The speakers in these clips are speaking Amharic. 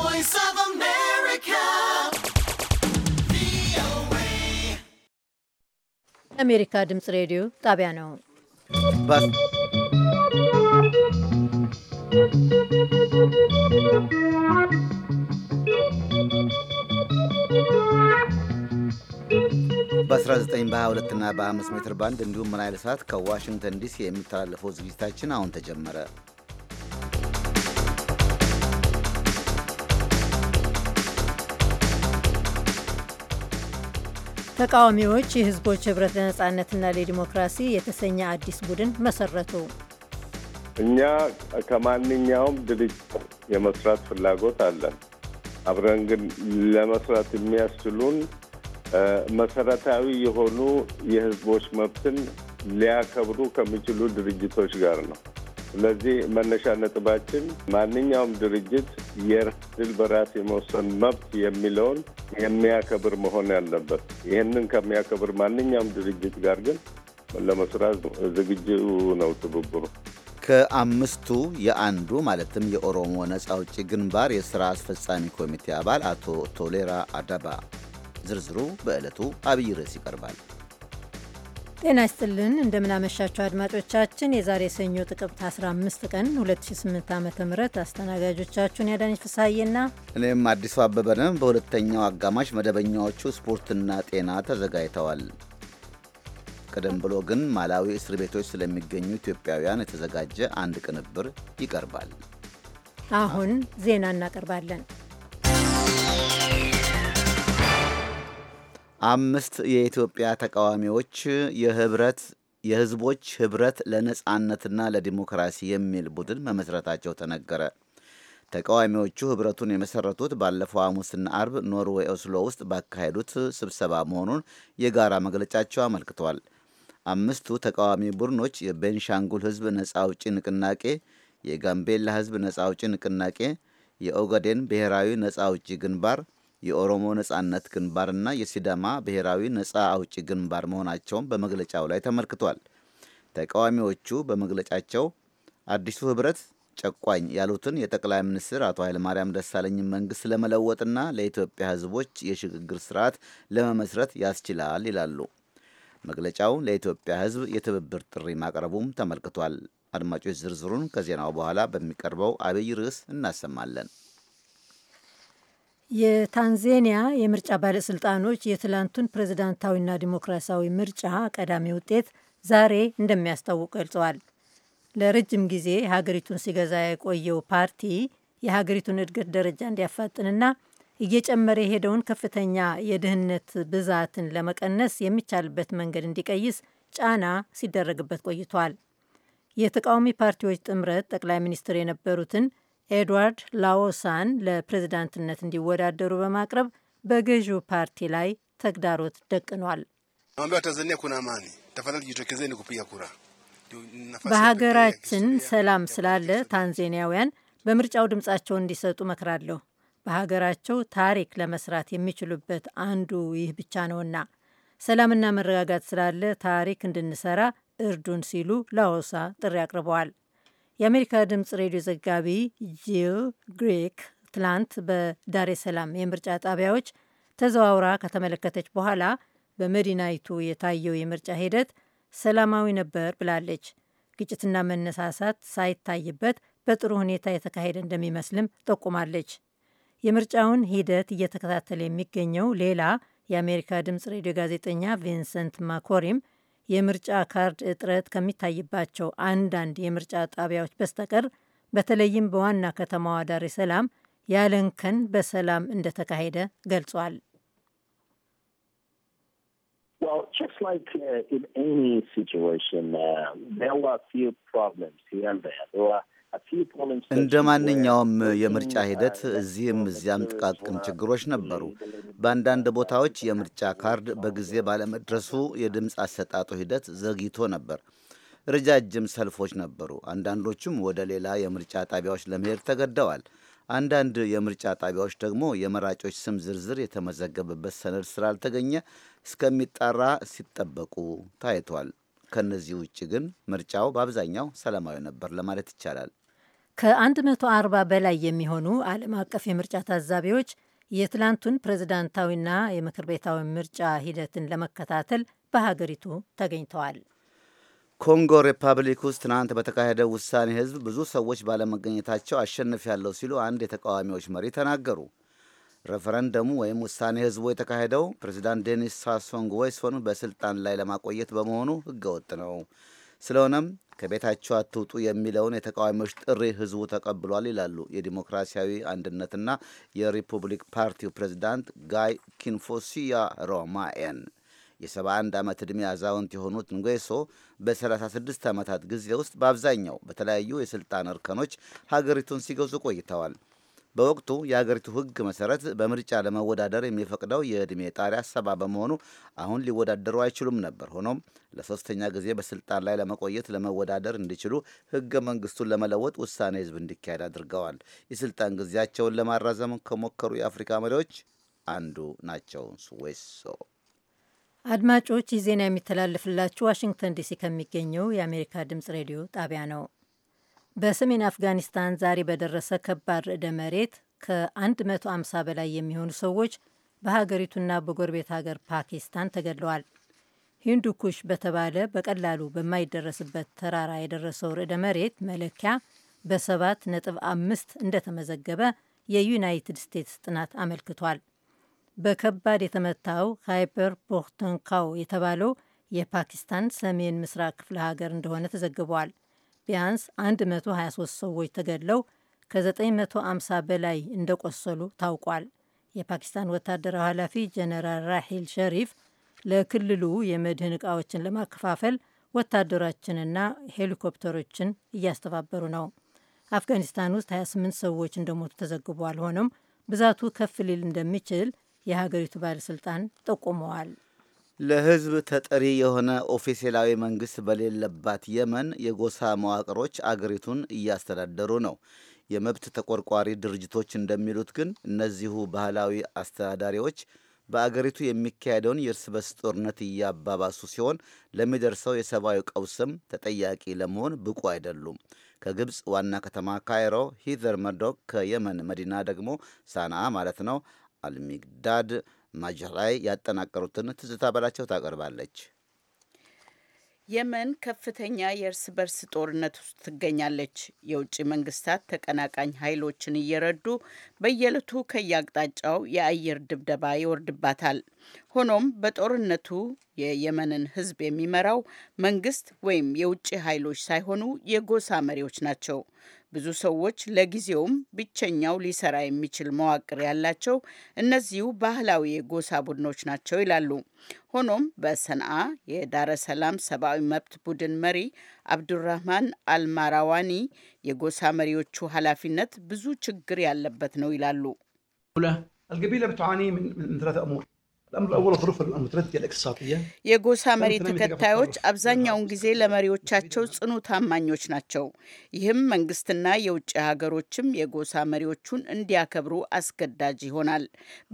voice of America. የአሜሪካ ድምፅ ሬዲዮ ጣቢያ ነው። በ19 በ22 እና በ 5 ሜትር ባንድ እንዲሁም ናይል ሰዓት ከዋሽንግተን ዲሲ የሚተላለፈው ዝግጅታችን አሁን ተጀመረ። ተቃዋሚዎች የህዝቦች ህብረት ለነጻነትና ለዲሞክራሲ የተሰኘ አዲስ ቡድን መሰረቱ። እኛ ከማንኛውም ድርጅት የመስራት ፍላጎት አለን። አብረን ግን ለመስራት የሚያስችሉን መሰረታዊ የሆኑ የህዝቦች መብትን ሊያከብሩ ከሚችሉ ድርጅቶች ጋር ነው። ስለዚህ መነሻ ነጥባችን ማንኛውም ድርጅት የድል በራስ የመወሰን መብት የሚለውን የሚያከብር መሆን ያለበት። ይህንን ከሚያከብር ማንኛውም ድርጅት ጋር ግን ለመስራት ዝግጁ ነው ትብብሩ። ከአምስቱ የአንዱ ማለትም የኦሮሞ ነጻ አውጪ ግንባር የሥራ አስፈጻሚ ኮሚቴ አባል አቶ ቶሌራ አዳባ። ዝርዝሩ በዕለቱ አብይ ርዕስ ይቀርባል። ጤና ይስጥልን እንደምናመሻቸው አድማጮቻችን የዛሬ ሰኞ ጥቅምት 15 ቀን 2008 ዓ ም አስተናጋጆቻችሁን ያዳነች ፍሳዬና እኔም አዲሱ አበበንም በሁለተኛው አጋማሽ መደበኛዎቹ ስፖርትና ጤና ተዘጋጅተዋል። ቀደም ብሎ ግን ማላዊ እስር ቤቶች ስለሚገኙ ኢትዮጵያውያን የተዘጋጀ አንድ ቅንብር ይቀርባል። አሁን ዜና እናቀርባለን። አምስት የኢትዮጵያ ተቃዋሚዎች የህብረት የህዝቦች ህብረት ለነጻነትና ለዲሞክራሲ የሚል ቡድን መመስረታቸው ተነገረ። ተቃዋሚዎቹ ህብረቱን የመሰረቱት ባለፈው ሐሙስና አርብ ኖርዌይ ኦስሎ ውስጥ ባካሄዱት ስብሰባ መሆኑን የጋራ መግለጫቸው አመልክቷል። አምስቱ ተቃዋሚ ቡድኖች የቤንሻንጉል ህዝብ ነጻ አውጪ ንቅናቄ፣ የጋምቤላ ህዝብ ነጻ አውጪ ንቅናቄ፣ የኦጋዴን ብሔራዊ ነጻ አውጪ ግንባር የኦሮሞ ነጻነት ግንባርና የሲዳማ ብሔራዊ ነጻ አውጪ ግንባር መሆናቸውን በመግለጫው ላይ ተመልክቷል። ተቃዋሚዎቹ በመግለጫቸው አዲሱ ህብረት ጨቋኝ ያሉትን የጠቅላይ ሚኒስትር አቶ ኃይለማርያም ደሳለኝን መንግስት ለመለወጥና ለኢትዮጵያ ህዝቦች የሽግግር ስርዓት ለመመስረት ያስችላል ይላሉ። መግለጫው ለኢትዮጵያ ህዝብ የትብብር ጥሪ ማቅረቡም ተመልክቷል። አድማጮች ዝርዝሩን ከዜናው በኋላ በሚቀርበው አብይ ርዕስ እናሰማለን። የታንዜኒያ የምርጫ ባለሥልጣኖች የትላንቱን ፕሬዝዳንታዊና ዲሞክራሲያዊ ምርጫ ቀዳሚ ውጤት ዛሬ እንደሚያስታውቅ ገልጸዋል። ለረጅም ጊዜ ሀገሪቱን ሲገዛ የቆየው ፓርቲ የሀገሪቱን እድገት ደረጃ እንዲያፋጥንና እየጨመረ የሄደውን ከፍተኛ የድህነት ብዛትን ለመቀነስ የሚቻልበት መንገድ እንዲቀይስ ጫና ሲደረግበት ቆይቷል። የተቃዋሚ ፓርቲዎች ጥምረት ጠቅላይ ሚኒስትር የነበሩትን ኤድዋርድ ላዎሳን ለፕሬዝዳንትነት እንዲወዳደሩ በማቅረብ በገዢው ፓርቲ ላይ ተግዳሮት ደቅኗል። በሀገራችን ሰላም ስላለ ታንዜኒያውያን በምርጫው ድምጻቸው እንዲሰጡ መክራለሁ። በሀገራቸው ታሪክ ለመስራት የሚችሉበት አንዱ ይህ ብቻ ነውና ሰላምና መረጋጋት ስላለ ታሪክ እንድንሰራ እርዱን ሲሉ ላዎሳ ጥሪ አቅርበዋል። የአሜሪካ ድምፅ ሬዲዮ ዘጋቢ ጂል ግሪክ ትላንት በዳሬ ሰላም የምርጫ ጣቢያዎች ተዘዋውራ ከተመለከተች በኋላ በመዲናይቱ የታየው የምርጫ ሂደት ሰላማዊ ነበር ብላለች። ግጭትና መነሳሳት ሳይታይበት በጥሩ ሁኔታ የተካሄደ እንደሚመስልም ጠቁማለች። የምርጫውን ሂደት እየተከታተለ የሚገኘው ሌላ የአሜሪካ ድምፅ ሬዲዮ ጋዜጠኛ ቪንሰንት ማኮሪም የምርጫ ካርድ እጥረት ከሚታይባቸው አንዳንድ የምርጫ ጣቢያዎች በስተቀር በተለይም በዋና ከተማዋ ዳሬ ሰላም ያለንከን በሰላም እንደተካሄደ ገልጿል። እንደ ማንኛውም የምርጫ ሂደት እዚህም እዚያም ጥቃቅን ችግሮች ነበሩ። በአንዳንድ ቦታዎች የምርጫ ካርድ በጊዜ ባለመድረሱ የድምፅ አሰጣጡ ሂደት ዘግይቶ ነበር። ረጃጅም ሰልፎች ነበሩ። አንዳንዶቹም ወደ ሌላ የምርጫ ጣቢያዎች ለመሄድ ተገደዋል። አንዳንድ የምርጫ ጣቢያዎች ደግሞ የመራጮች ስም ዝርዝር የተመዘገበበት ሰነድ ስላልተገኘ እስከሚጣራ ሲጠበቁ ታይቷል። ከነዚህ ውጭ ግን ምርጫው በአብዛኛው ሰላማዊ ነበር ለማለት ይቻላል። ከ140 በላይ የሚሆኑ ዓለም አቀፍ የምርጫ ታዛቢዎች የትላንቱን ፕሬዝዳንታዊና የምክር ቤታዊ ምርጫ ሂደትን ለመከታተል በሀገሪቱ ተገኝተዋል። ኮንጎ ሪፐብሊክ ውስጥ ትናንት በተካሄደ ውሳኔ ህዝብ ብዙ ሰዎች ባለመገኘታቸው ያለው ሲሉ አንድ የተቃዋሚዎች መሪ ተናገሩ። ሬፈረንደሙ ወይም ውሳኔ ህዝቡ የተካሄደው ፕሬዚዳንት ዴኒስ ሳሶንግ ወይሶን በስልጣን ላይ ለማቆየት በመሆኑ ህገወጥ ነው። ስለሆነም ከቤታቸው አትውጡ የሚለውን የተቃዋሚዎች ጥሪ ህዝቡ ተቀብሏል ይላሉ የዲሞክራሲያዊ አንድነትና የሪፑብሊክ ፓርቲው ፕሬዚዳንት ጋይ ኪንፎሲያ ሮማኤን። የ71 ዓመት ዕድሜ አዛውንት የሆኑት ንጎሶ በ36 ዓመታት ጊዜ ውስጥ በአብዛኛው በተለያዩ የሥልጣን እርከኖች ሀገሪቱን ሲገዙ ቆይተዋል። በወቅቱ የሀገሪቱ ሕግ መሰረት በምርጫ ለመወዳደር የሚፈቅደው የዕድሜ ጣሪያ ሰባ በመሆኑ አሁን ሊወዳደሩ አይችሉም ነበር። ሆኖም ለሶስተኛ ጊዜ በስልጣን ላይ ለመቆየት ለመወዳደር እንዲችሉ ሕገ መንግስቱን ለመለወጥ ውሳኔ ሕዝብ እንዲካሄድ አድርገዋል። የስልጣን ጊዜያቸውን ለማራዘም ከሞከሩ የአፍሪካ መሪዎች አንዱ ናቸው። ስዌሶ አድማጮች፣ ይህ ዜና የሚተላለፍላችሁ ዋሽንግተን ዲሲ ከሚገኘው የአሜሪካ ድምጽ ሬዲዮ ጣቢያ ነው። በሰሜን አፍጋኒስታን ዛሬ በደረሰ ከባድ ርዕደ መሬት ከ150 በላይ የሚሆኑ ሰዎች በሀገሪቱና በጎረቤት ሀገር ፓኪስታን ተገድለዋል። ሂንዱ ኩሽ በተባለ በቀላሉ በማይደረስበት ተራራ የደረሰው ርዕደ መሬት መለኪያ በሰባት ነጥብ አምስት እንደተመዘገበ የዩናይትድ ስቴትስ ጥናት አመልክቷል። በከባድ የተመታው ሃይፐር ፖርተንካው የተባለው የፓኪስታን ሰሜን ምስራቅ ክፍለ ሀገር እንደሆነ ተዘግቧል። ቢያንስ 123 ሰዎች ተገድለው ከ950 በላይ እንደቆሰሉ ታውቋል። የፓኪስታን ወታደራዊ ኃላፊ ጀነራል ራሂል ሸሪፍ ለክልሉ የመድህን እቃዎችን ለማከፋፈል ወታደሮችንና ሄሊኮፕተሮችን እያስተባበሩ ነው። አፍጋኒስታን ውስጥ 28 ሰዎች እንደሞቱ ተዘግቧል። ሆኖም ብዛቱ ከፍ ሊል እንደሚችል የሀገሪቱ ባለሥልጣን ጠቁመዋል። ለህዝብ ተጠሪ የሆነ ኦፊሴላዊ መንግስት በሌለባት የመን የጎሳ መዋቅሮች አገሪቱን እያስተዳደሩ ነው። የመብት ተቆርቋሪ ድርጅቶች እንደሚሉት ግን እነዚሁ ባህላዊ አስተዳዳሪዎች በአገሪቱ የሚካሄደውን የእርስ በርስ ጦርነት እያባባሱ ሲሆን ለሚደርሰው የሰብአዊ ቀውስም ተጠያቂ ለመሆን ብቁ አይደሉም። ከግብፅ ዋና ከተማ ካይሮ ሂዘር መርዶክ ከየመን መዲና ደግሞ ሳናአ ማለት ነው አልሚግዳድ ማጅህ ላይ ያጠናቀሩትን ትዝታ በላቸው ታቀርባለች። የመን ከፍተኛ የእርስ በርስ ጦርነት ውስጥ ትገኛለች። የውጭ መንግስታት ተቀናቃኝ ኃይሎችን እየረዱ በየዕለቱ ከየአቅጣጫው የአየር ድብደባ ይወርድባታል። ሆኖም በጦርነቱ የየመንን ሕዝብ የሚመራው መንግስት ወይም የውጭ ኃይሎች ሳይሆኑ የጎሳ መሪዎች ናቸው። ብዙ ሰዎች ለጊዜውም ብቸኛው ሊሰራ የሚችል መዋቅር ያላቸው እነዚሁ ባህላዊ የጎሳ ቡድኖች ናቸው ይላሉ። ሆኖም በሰንአ የዳረ ሰላም ሰብአዊ መብት ቡድን መሪ አብዱራህማን አልማራዋኒ የጎሳ መሪዎቹ ኃላፊነት ብዙ ችግር ያለበት ነው ይላሉ። የጎሳ መሪ ተከታዮች አብዛኛውን ጊዜ ለመሪዎቻቸው ጽኑ ታማኞች ናቸው። ይህም መንግስትና የውጭ ሀገሮችም የጎሳ መሪዎቹን እንዲያከብሩ አስገዳጅ ይሆናል።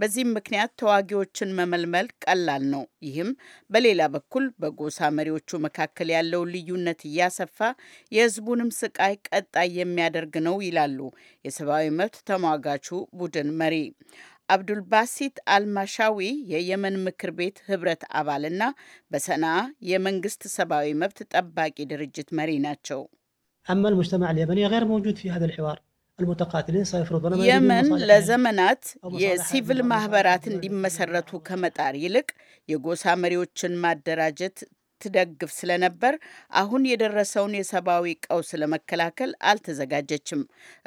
በዚህም ምክንያት ተዋጊዎችን መመልመል ቀላል ነው። ይህም በሌላ በኩል በጎሳ መሪዎቹ መካከል ያለውን ልዩነት እያሰፋ የህዝቡንም ስቃይ ቀጣይ የሚያደርግ ነው ይላሉ የሰብአዊ መብት ተሟጋቹ ቡድን መሪ አብዱልባሲት አልማሻዊ የየመን ምክር ቤት ህብረት አባልና በሰንዓ የመንግስት ሰብአዊ መብት ጠባቂ ድርጅት መሪ ናቸው። የመን ለዘመናት የሲቪል ማህበራት እንዲመሰረቱ ከመጣር ይልቅ የጎሳ መሪዎችን ማደራጀት ትደግፍ ስለነበር አሁን የደረሰውን የሰብአዊ ቀውስ ለመከላከል አልተዘጋጀችም።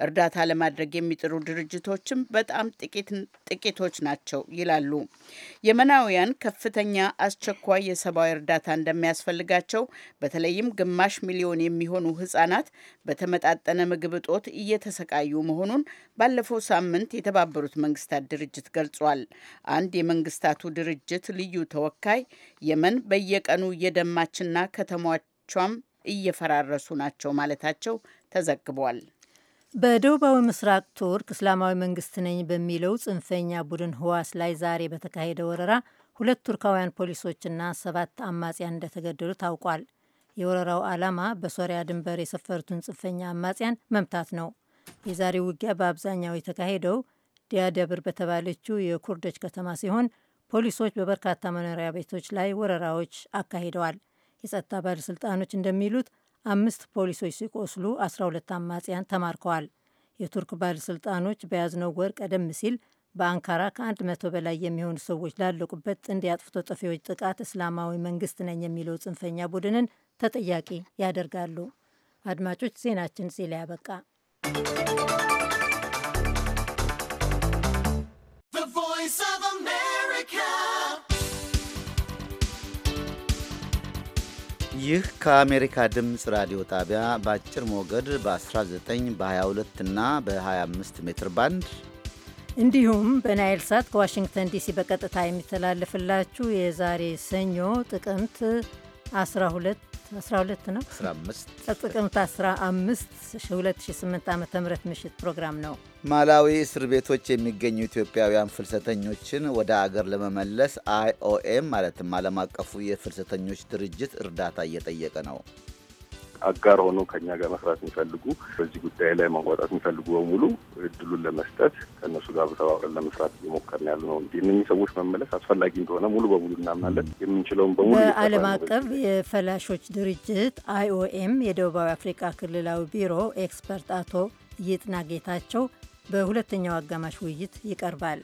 እርዳታ ለማድረግ የሚጥሩ ድርጅቶችም በጣም ጥቂቶች ናቸው ይላሉ። የመናውያን ከፍተኛ አስቸኳይ የሰብአዊ እርዳታ እንደሚያስፈልጋቸው በተለይም ግማሽ ሚሊዮን የሚሆኑ ህጻናት በተመጣጠነ ምግብ እጦት እየተሰቃዩ መሆኑን ባለፈው ሳምንት የተባበሩት መንግስታት ድርጅት ገልጿል። አንድ የመንግስታቱ ድርጅት ልዩ ተወካይ የመን በየቀኑ እየደ እየደማችና ከተሞቿም እየፈራረሱ ናቸው ማለታቸው ተዘግቧል። በደቡባዊ ምስራቅ ቱርክ እስላማዊ መንግስት ነኝ በሚለው ጽንፈኛ ቡድን ህዋስ ላይ ዛሬ በተካሄደ ወረራ ሁለት ቱርካውያን ፖሊሶችና ሰባት አማጽያን እንደተገደሉ ታውቋል። የወረራው ዓላማ በሶሪያ ድንበር የሰፈሩትን ጽንፈኛ አማጽያን መምታት ነው። የዛሬው ውጊያ በአብዛኛው የተካሄደው ዲያደብር በተባለችው የኩርዶች ከተማ ሲሆን ፖሊሶች በበርካታ መኖሪያ ቤቶች ላይ ወረራዎች አካሂደዋል። የጸጥታ ባለሥልጣኖች እንደሚሉት አምስት ፖሊሶች ሲቆስሉ 12 አማጽያን ተማርከዋል። የቱርክ ባለሥልጣኖች በያዝነው ወር ቀደም ሲል በአንካራ ከ100 በላይ የሚሆኑ ሰዎች ላለቁበት ጥንድ የአጥፍቶ ጠፊዎች ጥቃት እስላማዊ መንግስት ነኝ የሚለው ጽንፈኛ ቡድንን ተጠያቂ ያደርጋሉ። አድማጮች ዜናችን ሲል ያበቃ ይህ ከአሜሪካ ድምፅ ራዲዮ ጣቢያ በአጭር ሞገድ በ19 በ22 እና በ25 ሜትር ባንድ እንዲሁም በናይል ሳት ከዋሽንግተን ዲሲ በቀጥታ የሚተላለፍላችሁ የዛሬ ሰኞ ጥቅምት 12 12 ነው 15 ጥቅምት 15 2008 ዓ ም ምሽት ፕሮግራም ነው። ማላዊ እስር ቤቶች የሚገኙ ኢትዮጵያውያን ፍልሰተኞችን ወደ አገር ለመመለስ አይኦኤም ማለትም አለም አቀፉ የፍልሰተኞች ድርጅት እርዳታ እየጠየቀ ነው። አጋር ሆኖ ከኛ ጋር መስራት የሚፈልጉ በዚህ ጉዳይ ላይ መንቋጣት የሚፈልጉ በሙሉ እድሉን ለመስጠት ከእነሱ ጋር በተባብረን ለመስራት እየሞከርን ያሉ ነው። እንዲ እነኚህ ሰዎች መመለስ አስፈላጊ እንደሆነ ሙሉ በሙሉ እናምናለን። የምንችለውን በሙሉ በዓለም አቀፍ የፈላሾች ድርጅት አይኦኤም የደቡባዊ አፍሪካ ክልላዊ ቢሮ ኤክስፐርት አቶ ይጥና ጌታቸው በሁለተኛው አጋማሽ ውይይት ይቀርባል።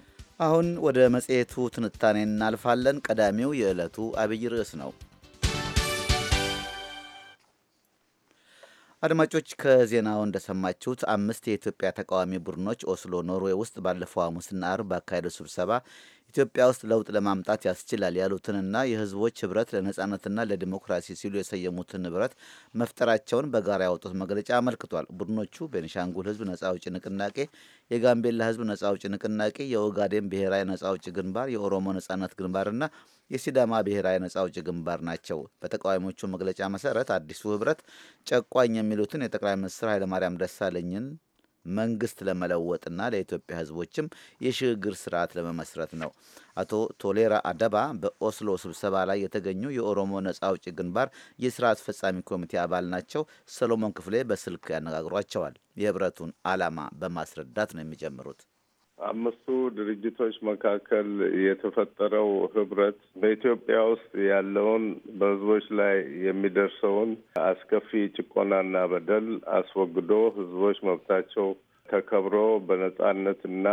አሁን ወደ መጽሔቱ ትንታኔ እናልፋለን። ቀዳሚው የዕለቱ አብይ ርዕስ ነው። አድማጮች ከዜናው እንደሰማችሁት አምስት የኢትዮጵያ ተቃዋሚ ቡድኖች ኦስሎ ኖርዌይ ውስጥ ባለፈው ሐሙስና አርብ ባካሄደው ስብሰባ ኢትዮጵያ ውስጥ ለውጥ ለማምጣት ያስችላል ያሉትንና የሕዝቦች ህብረት ለነጻነትና ለዲሞክራሲ ሲሉ የሰየሙትን ህብረት መፍጠራቸውን በጋራ ያወጡት መግለጫ አመልክቷል። ቡድኖቹ ቤንሻንጉል ህዝብ ነጻ አውጪ ንቅናቄ፣ የጋምቤላ ህዝብ ነጻ አውጪ ንቅናቄ፣ የኦጋዴን ብሔራዊ ነጻ አውጪ ግንባር፣ የኦሮሞ ነጻነት ግንባርና የሲዳማ ብሔራዊ ነጻ አውጪ ግንባር ናቸው። በተቃዋሚዎቹ መግለጫ መሰረት አዲሱ ህብረት ጨቋኝ የሚሉትን የጠቅላይ ሚኒስትር ኃይለማርያም ደሳለኝን መንግስት ለመለወጥና ለኢትዮጵያ ህዝቦችም የሽግግር ስርዓት ለመመስረት ነው። አቶ ቶሌራ አደባ በኦስሎ ስብሰባ ላይ የተገኙ የኦሮሞ ነጻ አውጪ ግንባር የስራ አስፈጻሚ ኮሚቴ አባል ናቸው። ሰሎሞን ክፍሌ በስልክ ያነጋግሯቸዋል። የህብረቱን ዓላማ በማስረዳት ነው የሚጀምሩት። አምስቱ ድርጅቶች መካከል የተፈጠረው ህብረት በኢትዮጵያ ውስጥ ያለውን በህዝቦች ላይ የሚደርሰውን አስከፊ ጭቆናና በደል አስወግዶ ህዝቦች መብታቸው ተከብሮ በነጻነትና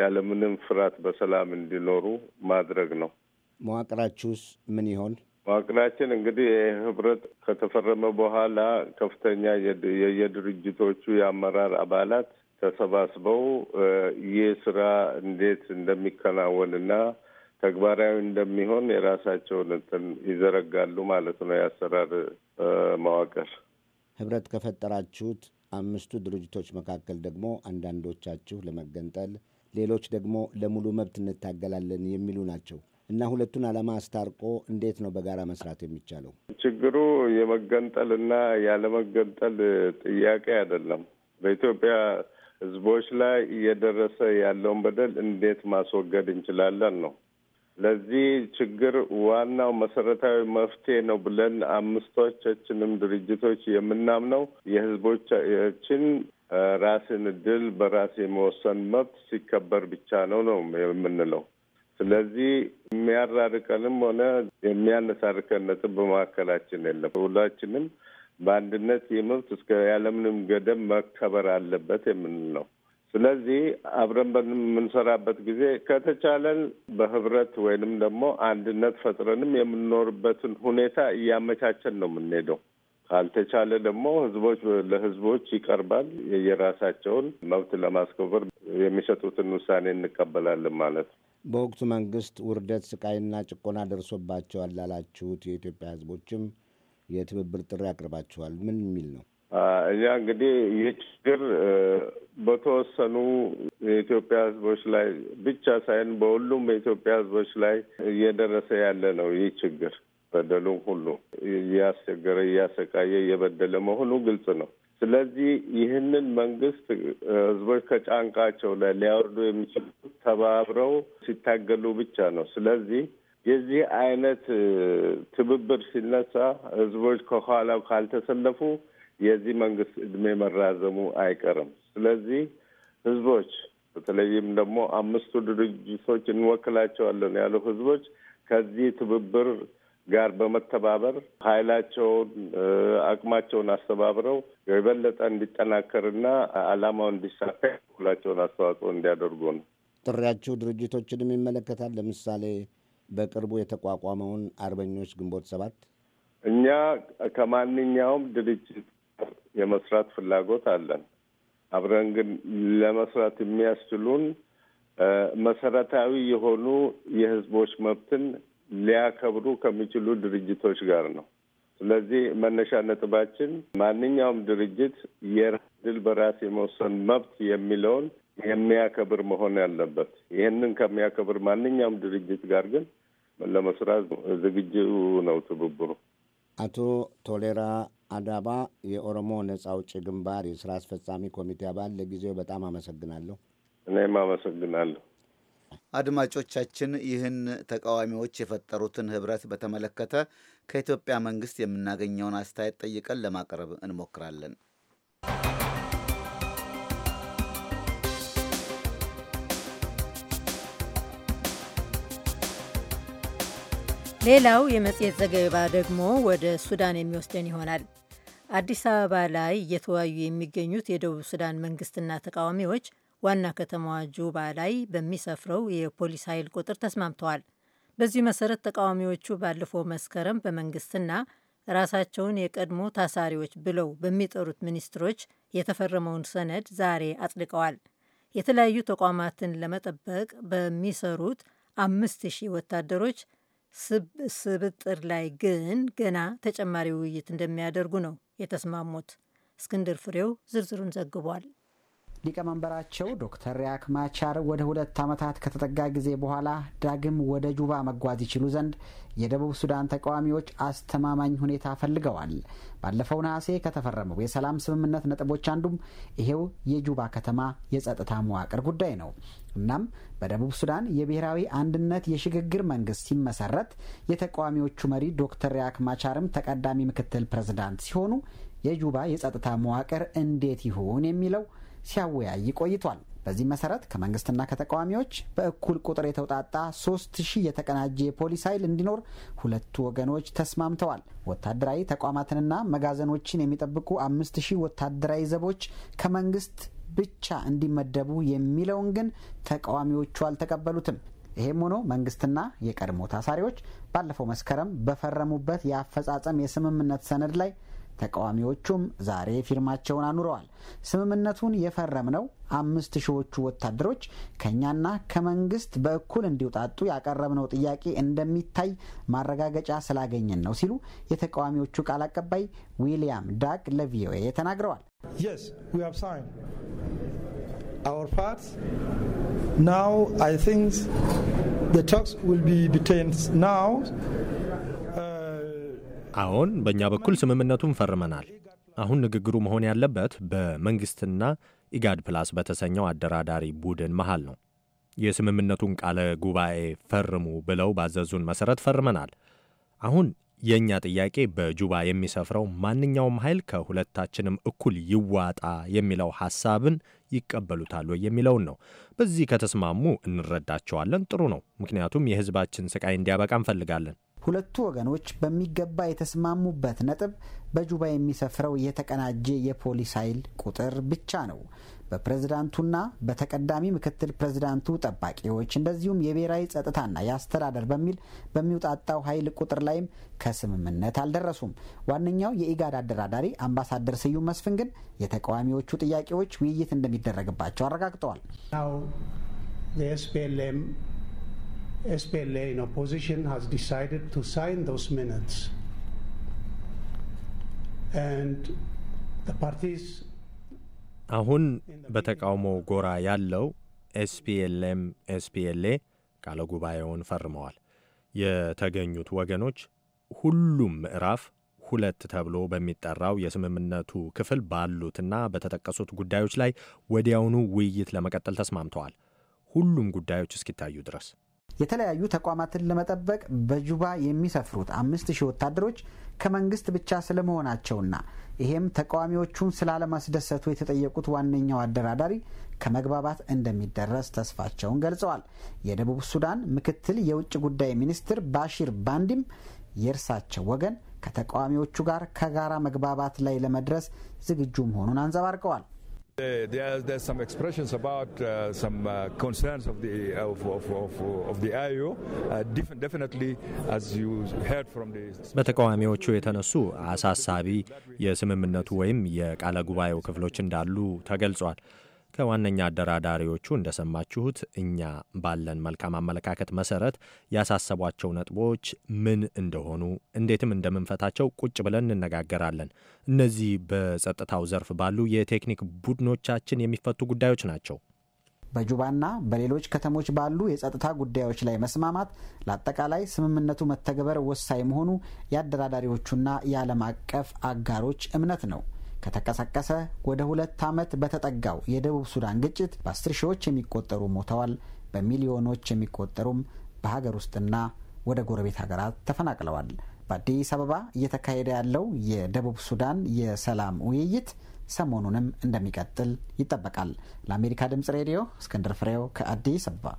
ያለምንም ፍርሃት በሰላም እንዲኖሩ ማድረግ ነው። መዋቅራችሁስ ምን ይሆን? መዋቅራችን እንግዲህ ይህ ህብረት ከተፈረመ በኋላ ከፍተኛ የየድርጅቶቹ የአመራር አባላት ተሰባስበው ይህ ስራ እንዴት እንደሚከናወንና ተግባራዊ እንደሚሆን የራሳቸውን እንትን ይዘረጋሉ ማለት ነው። የአሰራር መዋቅር ህብረት ከፈጠራችሁት አምስቱ ድርጅቶች መካከል ደግሞ አንዳንዶቻችሁ ለመገንጠል፣ ሌሎች ደግሞ ለሙሉ መብት እንታገላለን የሚሉ ናቸው እና ሁለቱን ዓላማ አስታርቆ እንዴት ነው በጋራ መስራት የሚቻለው? ችግሩ የመገንጠል እና ያለመገንጠል ጥያቄ አይደለም። በኢትዮጵያ ህዝቦች ላይ እየደረሰ ያለውን በደል እንዴት ማስወገድ እንችላለን ነው። ለዚህ ችግር ዋናው መሰረታዊ መፍትሄ ነው ብለን አምስቶቻችንም ድርጅቶች የምናምነው የህዝቦቻችን ራስን እድል በራስ የመወሰን መብት ሲከበር ብቻ ነው ነው የምንለው። ስለዚህ የሚያራርቀንም ሆነ የሚያነሳርከን ነጥብ በመካከላችን የለም። ሁላችንም በአንድነት የመብት እስከ ያለምንም ገደብ መከበር አለበት የምንል ነው። ስለዚህ አብረን በምንሰራበት ጊዜ ከተቻለን በህብረት ወይንም ደግሞ አንድነት ፈጥረንም የምንኖርበትን ሁኔታ እያመቻቸን ነው የምንሄደው። ካልተቻለ ደግሞ ህዝቦች ለህዝቦች ይቀርባል። የራሳቸውን መብት ለማስከበር የሚሰጡትን ውሳኔ እንቀበላለን ማለት ነው። በወቅቱ መንግስት ውርደት፣ ስቃይና ጭቆና ደርሶባቸዋል ላላችሁት የኢትዮጵያ ህዝቦችም የትብብር ጥሪ አቅርባችኋል። ምን የሚል ነው? እኛ እንግዲህ ይህ ችግር በተወሰኑ የኢትዮጵያ ሕዝቦች ላይ ብቻ ሳይሆን በሁሉም የኢትዮጵያ ሕዝቦች ላይ እየደረሰ ያለ ነው። ይህ ችግር በደሉም ሁሉ እያስቸገረ እያሰቃየ እየበደለ መሆኑ ግልጽ ነው። ስለዚህ ይህንን መንግስት ህዝቦች ከጫንቃቸው ላይ ሊያወርዱ የሚችሉ ተባብረው ሲታገሉ ብቻ ነው። ስለዚህ የዚህ አይነት ትብብር ሲነሳ ህዝቦች ከኋላው ካልተሰለፉ የዚህ መንግስት እድሜ መራዘሙ አይቀርም። ስለዚህ ህዝቦች በተለይም ደግሞ አምስቱ ድርጅቶች እንወክላቸዋለን ያሉ ህዝቦች ከዚህ ትብብር ጋር በመተባበር ኃይላቸውን አቅማቸውን አስተባብረው የበለጠ እንዲጠናከርና አላማው እንዲሳካ የበኩላቸውን አስተዋጽኦ እንዲያደርጉ ነው ጥሪያቸው። ድርጅቶችንም ይመለከታል። ለምሳሌ በቅርቡ የተቋቋመውን አርበኞች ግንቦት ሰባት እኛ ከማንኛውም ድርጅት የመስራት ፍላጎት አለን። አብረን ግን ለመስራት የሚያስችሉን መሰረታዊ የሆኑ የህዝቦች መብትን ሊያከብሩ ከሚችሉ ድርጅቶች ጋር ነው። ስለዚህ መነሻ ነጥባችን ማንኛውም ድርጅት የድል በራስ የመወሰን መብት የሚለውን የሚያከብር መሆን ያለበት። ይህንን ከሚያከብር ማንኛውም ድርጅት ጋር ግን ለመስራት ዝግጁ ነው ትብብሩ። አቶ ቶሌራ አዳባ የኦሮሞ ነጻ አውጪ ግንባር የስራ አስፈጻሚ ኮሚቴ አባል፣ ለጊዜው በጣም አመሰግናለሁ። እኔም አመሰግናለሁ። አድማጮቻችን ይህን ተቃዋሚዎች የፈጠሩትን ህብረት በተመለከተ ከኢትዮጵያ መንግስት የምናገኘውን አስተያየት ጠይቀን ለማቅረብ እንሞክራለን። ሌላው የመጽሔት ዘገባ ደግሞ ወደ ሱዳን የሚወስደን ይሆናል። አዲስ አበባ ላይ እየተወያዩ የሚገኙት የደቡብ ሱዳን መንግስትና ተቃዋሚዎች ዋና ከተማዋ ጁባ ላይ በሚሰፍረው የፖሊስ ኃይል ቁጥር ተስማምተዋል። በዚህ መሰረት ተቃዋሚዎቹ ባለፈው መስከረም በመንግስትና ራሳቸውን የቀድሞ ታሳሪዎች ብለው በሚጠሩት ሚኒስትሮች የተፈረመውን ሰነድ ዛሬ አጽድቀዋል። የተለያዩ ተቋማትን ለመጠበቅ በሚሰሩት አምስት ሺህ ወታደሮች ስብጥር ላይ ግን ገና ተጨማሪ ውይይት እንደሚያደርጉ ነው የተስማሙት። እስክንድር ፍሬው ዝርዝሩን ዘግቧል። ሊቀመንበራቸው ዶክተር ሪያክ ማቻር ወደ ሁለት ዓመታት ከተጠጋ ጊዜ በኋላ ዳግም ወደ ጁባ መጓዝ ይችሉ ዘንድ የደቡብ ሱዳን ተቃዋሚዎች አስተማማኝ ሁኔታ ፈልገዋል። ባለፈው ነሐሴ ከተፈረመው የሰላም ስምምነት ነጥቦች አንዱም ይሄው የጁባ ከተማ የጸጥታ መዋቅር ጉዳይ ነው። እናም በደቡብ ሱዳን የብሔራዊ አንድነት የሽግግር መንግስት ሲመሰረት የተቃዋሚዎቹ መሪ ዶክተር ሪያክ ማቻርም ተቀዳሚ ምክትል ፕሬዝዳንት ሲሆኑ የጁባ የጸጥታ መዋቅር እንዴት ይሁን የሚለው ሲያወያይ ቆይቷል። በዚህ መሰረት ከመንግስትና ከተቃዋሚዎች በእኩል ቁጥር የተውጣጣ ሶስት ሺህ የተቀናጀ የፖሊስ ኃይል እንዲኖር ሁለቱ ወገኖች ተስማምተዋል። ወታደራዊ ተቋማትንና መጋዘኖችን የሚጠብቁ አምስት ሺህ ወታደራዊ ዘቦች ከመንግስት ብቻ እንዲመደቡ የሚለውን ግን ተቃዋሚዎቹ አልተቀበሉትም። ይሄም ሆኖ መንግስትና የቀድሞ ታሳሪዎች ባለፈው መስከረም በፈረሙበት የአፈጻጸም የስምምነት ሰነድ ላይ ተቃዋሚዎቹም ዛሬ ፊርማቸውን አኑረዋል። ስምምነቱን የፈረምነው አምስት ሺዎቹ ወታደሮች ከእኛና ከመንግስት በእኩል እንዲውጣጡ ያቀረብነው ጥያቄ እንደሚታይ ማረጋገጫ ስላገኘን ነው ሲሉ የተቃዋሚዎቹ ቃል አቀባይ ዊሊያም ዳግ ለቪኦኤ ተናግረዋል። አዎን፣ በእኛ በኩል ስምምነቱን ፈርመናል። አሁን ንግግሩ መሆን ያለበት በመንግሥትና ኢጋድ ፕላስ በተሰኘው አደራዳሪ ቡድን መሃል ነው። የስምምነቱን ቃለ ጉባኤ ፈርሙ ብለው ባዘዙን መሠረት ፈርመናል። አሁን የእኛ ጥያቄ በጁባ የሚሰፍረው ማንኛውም ኃይል ከሁለታችንም እኩል ይዋጣ የሚለው ሐሳብን ይቀበሉታል ወይ የሚለውን ነው። በዚህ ከተስማሙ እንረዳቸዋለን። ጥሩ ነው፣ ምክንያቱም የሕዝባችን ስቃይ እንዲያበቃ እንፈልጋለን። ሁለቱ ወገኖች በሚገባ የተስማሙበት ነጥብ በጁባ የሚሰፍረው የተቀናጀ የፖሊስ ኃይል ቁጥር ብቻ ነው። በፕሬዝዳንቱና በተቀዳሚ ምክትል ፕሬዝዳንቱ ጠባቂዎች እንደዚሁም የብሔራዊ ጸጥታና የአስተዳደር በሚል በሚውጣጣው ኃይል ቁጥር ላይም ከስምምነት አልደረሱም። ዋነኛው የኢጋድ አደራዳሪ አምባሳደር ስዩም መስፍን ግን የተቃዋሚዎቹ ጥያቄዎች ውይይት እንደሚደረግባቸው አረጋግጠዋል። SPLA in opposition has decided to sign those minutes. And the parties አሁን በተቃውሞ ጎራ ያለው ኤስፒኤልኤም ኤስፒኤልኤ ቃለ ጉባኤውን ፈርመዋል። የተገኙት ወገኖች ሁሉም ምዕራፍ ሁለት ተብሎ በሚጠራው የስምምነቱ ክፍል ባሉትና በተጠቀሱት ጉዳዮች ላይ ወዲያውኑ ውይይት ለመቀጠል ተስማምተዋል፣ ሁሉም ጉዳዮች እስኪታዩ ድረስ። የተለያዩ ተቋማትን ለመጠበቅ በጁባ የሚሰፍሩት አምስት ሺህ ወታደሮች ከመንግስት ብቻ ስለመሆናቸውና ይሄም ተቃዋሚዎቹን ስላለማስደሰቱ የተጠየቁት ዋነኛው አደራዳሪ ከመግባባት እንደሚደረስ ተስፋቸውን ገልጸዋል። የደቡብ ሱዳን ምክትል የውጭ ጉዳይ ሚኒስትር ባሺር ባንዲም የእርሳቸው ወገን ከተቃዋሚዎቹ ጋር ከጋራ መግባባት ላይ ለመድረስ ዝግጁ መሆኑን አንጸባርቀዋል። There, there's some expressions about uh, some uh, concerns of the of, of, of, of the IO uh, definitely as you heard from the በተቃዋሚዎቹ የተነሱ አሳሳቢ የስምምነቱ ወይም የቃለ ጉባኤው ክፍሎች እንዳሉ ተገልጿል። ከዋነኛ አደራዳሪዎቹ እንደሰማችሁት እኛ ባለን መልካም አመለካከት መሰረት ያሳሰቧቸው ነጥቦች ምን እንደሆኑ እንዴትም እንደምንፈታቸው ቁጭ ብለን እንነጋገራለን። እነዚህ በጸጥታው ዘርፍ ባሉ የቴክኒክ ቡድኖቻችን የሚፈቱ ጉዳዮች ናቸው። በጁባና በሌሎች ከተሞች ባሉ የጸጥታ ጉዳዮች ላይ መስማማት ለአጠቃላይ ስምምነቱ መተግበር ወሳኝ መሆኑ የአደራዳሪዎቹና የዓለም አቀፍ አጋሮች እምነት ነው። ከተቀሰቀሰ ወደ ሁለት ዓመት በተጠጋው የደቡብ ሱዳን ግጭት በአስር ሺዎች የሚቆጠሩ ሞተዋል። በሚሊዮኖች የሚቆጠሩም በሀገር ውስጥና ወደ ጎረቤት ሀገራት ተፈናቅለዋል። በአዲስ አበባ እየተካሄደ ያለው የደቡብ ሱዳን የሰላም ውይይት ሰሞኑንም እንደሚቀጥል ይጠበቃል። ለአሜሪካ ድምፅ ሬዲዮ እስክንድር ፍሬው ከአዲስ አበባ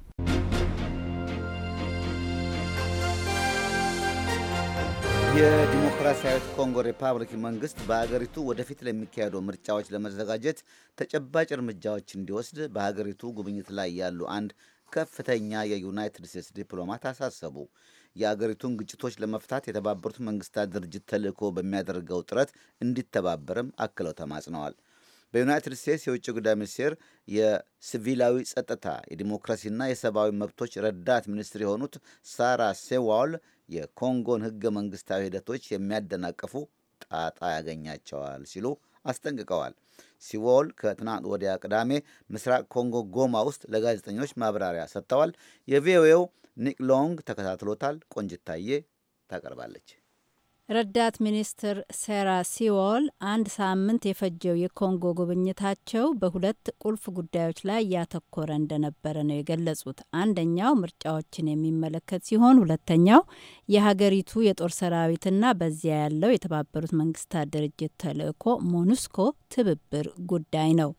የዲሞክራሲያዊት ኮንጎ ሪፐብሊክ መንግስት በሀገሪቱ ወደፊት ለሚካሄዱ ምርጫዎች ለመዘጋጀት ተጨባጭ እርምጃዎች እንዲወስድ በሀገሪቱ ጉብኝት ላይ ያሉ አንድ ከፍተኛ የዩናይትድ ስቴትስ ዲፕሎማት አሳሰቡ። የአገሪቱን ግጭቶች ለመፍታት የተባበሩት መንግስታት ድርጅት ተልዕኮ በሚያደርገው ጥረት እንዲተባበርም አክለው ተማጽነዋል። በዩናይትድ ስቴትስ የውጭ ጉዳይ ሚኒስቴር የሲቪላዊ ጸጥታ የዲሞክራሲና የሰብአዊ መብቶች ረዳት ሚኒስትር የሆኑት ሳራ ሴዋል የኮንጎን ህገ መንግስታዊ ሂደቶች የሚያደናቀፉ ጣጣ ያገኛቸዋል ሲሉ አስጠንቅቀዋል። ሲወል ከትናንት ወዲያ ቅዳሜ ምስራቅ ኮንጎ ጎማ ውስጥ ለጋዜጠኞች ማብራሪያ ሰጥተዋል። የቪኦኤው ኒክ ሎንግ ተከታትሎታል። ቆንጅታዬ ታቀርባለች። ረዳት ሚኒስትር ሴራ ሲዎል አንድ ሳምንት የፈጀው የኮንጎ ጉብኝታቸው በሁለት ቁልፍ ጉዳዮች ላይ ያተኮረ እንደነበረ ነው የገለጹት። አንደኛው ምርጫዎችን የሚመለከት ሲሆን፣ ሁለተኛው የሀገሪቱ የጦር ሰራዊትና በዚያ ያለው የተባበሩት መንግስታት ድርጅት ተልዕኮ ሞኑስኮ ትብብር ጉዳይ ነው።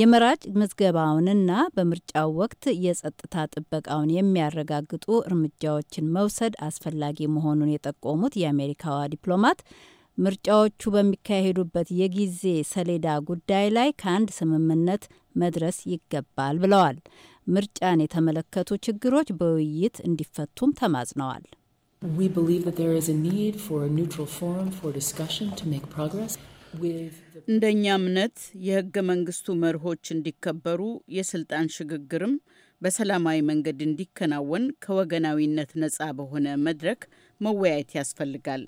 የመራጭ ምዝገባውንና በምርጫው ወቅት የጸጥታ ጥበቃውን የሚያረጋግጡ እርምጃዎችን መውሰድ አስፈላጊ መሆኑን የጠቆሙት የአሜሪካዋ ዲፕሎማት ምርጫዎቹ በሚካሄዱበት የጊዜ ሰሌዳ ጉዳይ ላይ ከአንድ ስምምነት መድረስ ይገባል ብለዋል። ምርጫን የተመለከቱ ችግሮች በውይይት እንዲፈቱም ተማጽነዋል። እንደኛ እምነት የህገ መንግስቱ መርሆች እንዲከበሩ የስልጣን ሽግግርም በሰላማዊ መንገድ እንዲከናወን ከወገናዊነት ነጻ በሆነ መድረክ መወያየት ያስፈልጋል።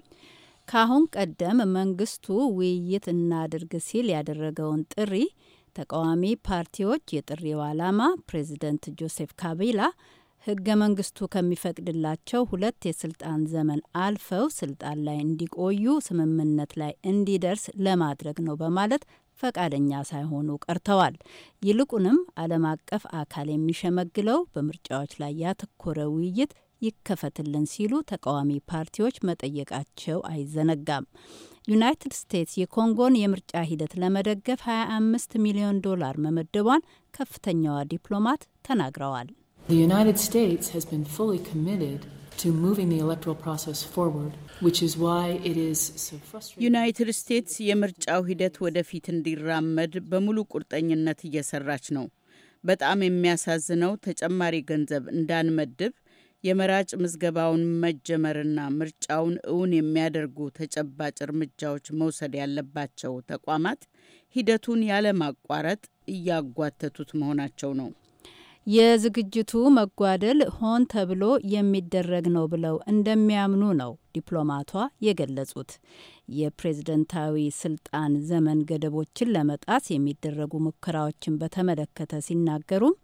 ከአሁን ቀደም መንግስቱ ውይይት እናድርግ ሲል ያደረገውን ጥሪ ተቃዋሚ ፓርቲዎች የጥሪው ዓላማ ፕሬዚደንት ጆሴፍ ካቢላ ህገ መንግስቱ ከሚፈቅድላቸው ሁለት የስልጣን ዘመን አልፈው ስልጣን ላይ እንዲቆዩ ስምምነት ላይ እንዲደርስ ለማድረግ ነው በማለት ፈቃደኛ ሳይሆኑ ቀርተዋል። ይልቁንም ዓለም አቀፍ አካል የሚሸመግለው በምርጫዎች ላይ ያተኮረ ውይይት ይከፈትልን ሲሉ ተቃዋሚ ፓርቲዎች መጠየቃቸው አይዘነጋም። ዩናይትድ ስቴትስ የኮንጎን የምርጫ ሂደት ለመደገፍ 25 ሚሊዮን ዶላር መመደቧን ከፍተኛዋ ዲፕሎማት ተናግረዋል። The United States has been fully committed to moving the electoral process forward. ዩናይትድ ስቴትስ የምርጫው ሂደት ወደፊት እንዲራመድ በሙሉ ቁርጠኝነት እየሰራች ነው። በጣም የሚያሳዝነው ተጨማሪ ገንዘብ እንዳንመድብ የመራጭ ምዝገባውን መጀመርና ምርጫውን እውን የሚያደርጉ ተጨባጭ እርምጃዎች መውሰድ ያለባቸው ተቋማት ሂደቱን ያለማቋረጥ እያጓተቱት መሆናቸው ነው። የዝግጅቱ መጓደል ሆን ተብሎ የሚደረግ ነው ብለው እንደሚያምኑ ነው ዲፕሎማቷ የገለጹት። የፕሬዝደንታዊ ስልጣን ዘመን ገደቦችን ለመጣስ የሚደረጉ ሙከራዎችን በተመለከተ ሲናገሩም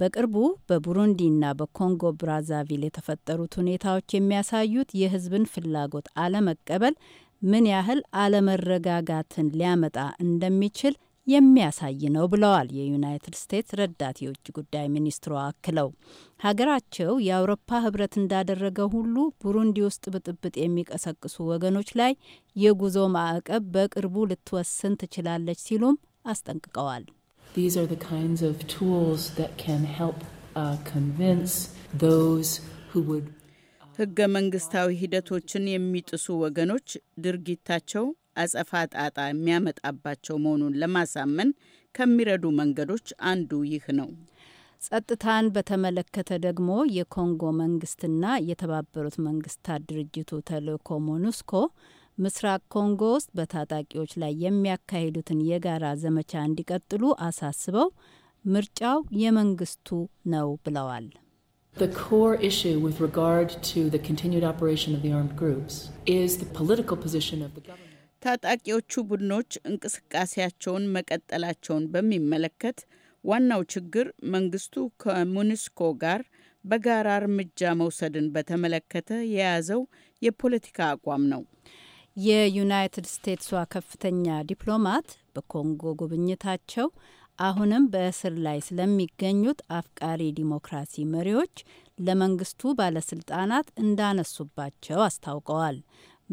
በቅርቡ በቡሩንዲና በኮንጎ ብራዛቪል የተፈጠሩት ሁኔታዎች የሚያሳዩት የሕዝብን ፍላጎት አለመቀበል ምን ያህል አለመረጋጋትን ሊያመጣ እንደሚችል የሚያሳይ ነው ብለዋል የዩናይትድ ስቴትስ ረዳት የውጭ ጉዳይ ሚኒስትሯ አክለው። ሀገራቸው የአውሮፓ ህብረት እንዳደረገ ሁሉ ቡሩንዲ ውስጥ ብጥብጥ የሚቀሰቅሱ ወገኖች ላይ የጉዞ ማዕቀብ በቅርቡ ልትወስን ትችላለች ሲሉም አስጠንቅቀዋል። ህገ መንግስታዊ ሂደቶችን የሚጥሱ ወገኖች ድርጊታቸው አጸፋ ጣጣ የሚያመጣባቸው መሆኑን ለማሳመን ከሚረዱ መንገዶች አንዱ ይህ ነው። ጸጥታን በተመለከተ ደግሞ የኮንጎ መንግስትና የተባበሩት መንግስታት ድርጅቱ ተልእኮ ሞኑስኮ ምስራቅ ኮንጎ ውስጥ በታጣቂዎች ላይ የሚያካሂዱትን የጋራ ዘመቻ እንዲቀጥሉ አሳስበው ምርጫው የመንግስቱ ነው ብለዋል። The core issue with regard to the continued operation of the armed groups is the political position of the government. ታጣቂዎቹ ቡድኖች እንቅስቃሴያቸውን መቀጠላቸውን በሚመለከት ዋናው ችግር መንግስቱ ከሙኒስኮ ጋር በጋራ እርምጃ መውሰድን በተመለከተ የያዘው የፖለቲካ አቋም ነው። የዩናይትድ ስቴትሷ ከፍተኛ ዲፕሎማት በኮንጎ ጉብኝታቸው አሁንም በእስር ላይ ስለሚገኙት አፍቃሪ ዲሞክራሲ መሪዎች ለመንግስቱ ባለስልጣናት እንዳነሱባቸው አስታውቀዋል።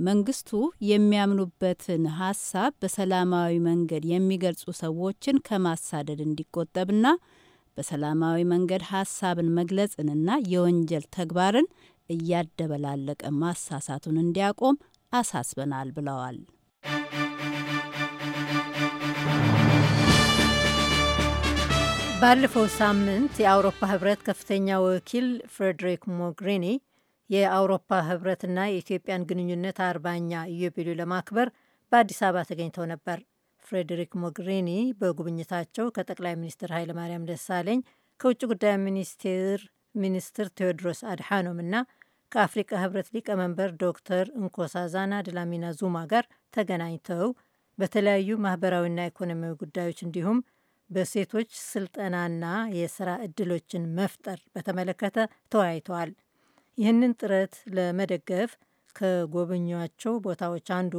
መንግስቱ የሚያምኑበትን ሀሳብ በሰላማዊ መንገድ የሚገልጹ ሰዎችን ከማሳደድ እንዲቆጠብና በሰላማዊ መንገድ ሀሳብን መግለጽንና የወንጀል ተግባርን እያደበላለቀ ማሳሳቱን እንዲያቆም አሳስበናል ብለዋል። ባለፈው ሳምንት የአውሮፓ ህብረት ከፍተኛ ወኪል ፍሬድሪክ ሞግሪኒ የአውሮፓ ህብረትና የኢትዮጵያን ግንኙነት አርባኛ ኢዮቤልዩ ለማክበር በአዲስ አበባ ተገኝተው ነበር። ፍሬዴሪክ ሞግሪኒ በጉብኝታቸው ከጠቅላይ ሚኒስትር ኃይለማርያም ደሳለኝ ከውጭ ጉዳይ ሚኒስቴር ሚኒስትር ቴዎድሮስ አድሓኖም እና ከአፍሪቃ ህብረት ሊቀመንበር ዶክተር እንኮሳዛና ድላሚና ዙማ ጋር ተገናኝተው በተለያዩ ማህበራዊና ኢኮኖሚያዊ ጉዳዮች እንዲሁም በሴቶች ስልጠናና የስራ እድሎችን መፍጠር በተመለከተ ተወያይተዋል። ይህንን ጥረት ለመደገፍ ከጎበኟቸው ቦታዎች አንዱ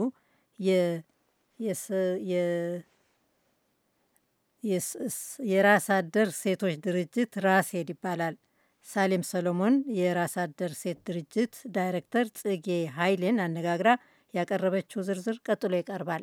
የራስ አደር ሴቶች ድርጅት ራሴድ ይባላል። ሳሌም ሰሎሞን የራስ አደር ሴት ድርጅት ዳይሬክተር ጽጌ ኃይሌን አነጋግራ ያቀረበችው ዝርዝር ቀጥሎ ይቀርባል።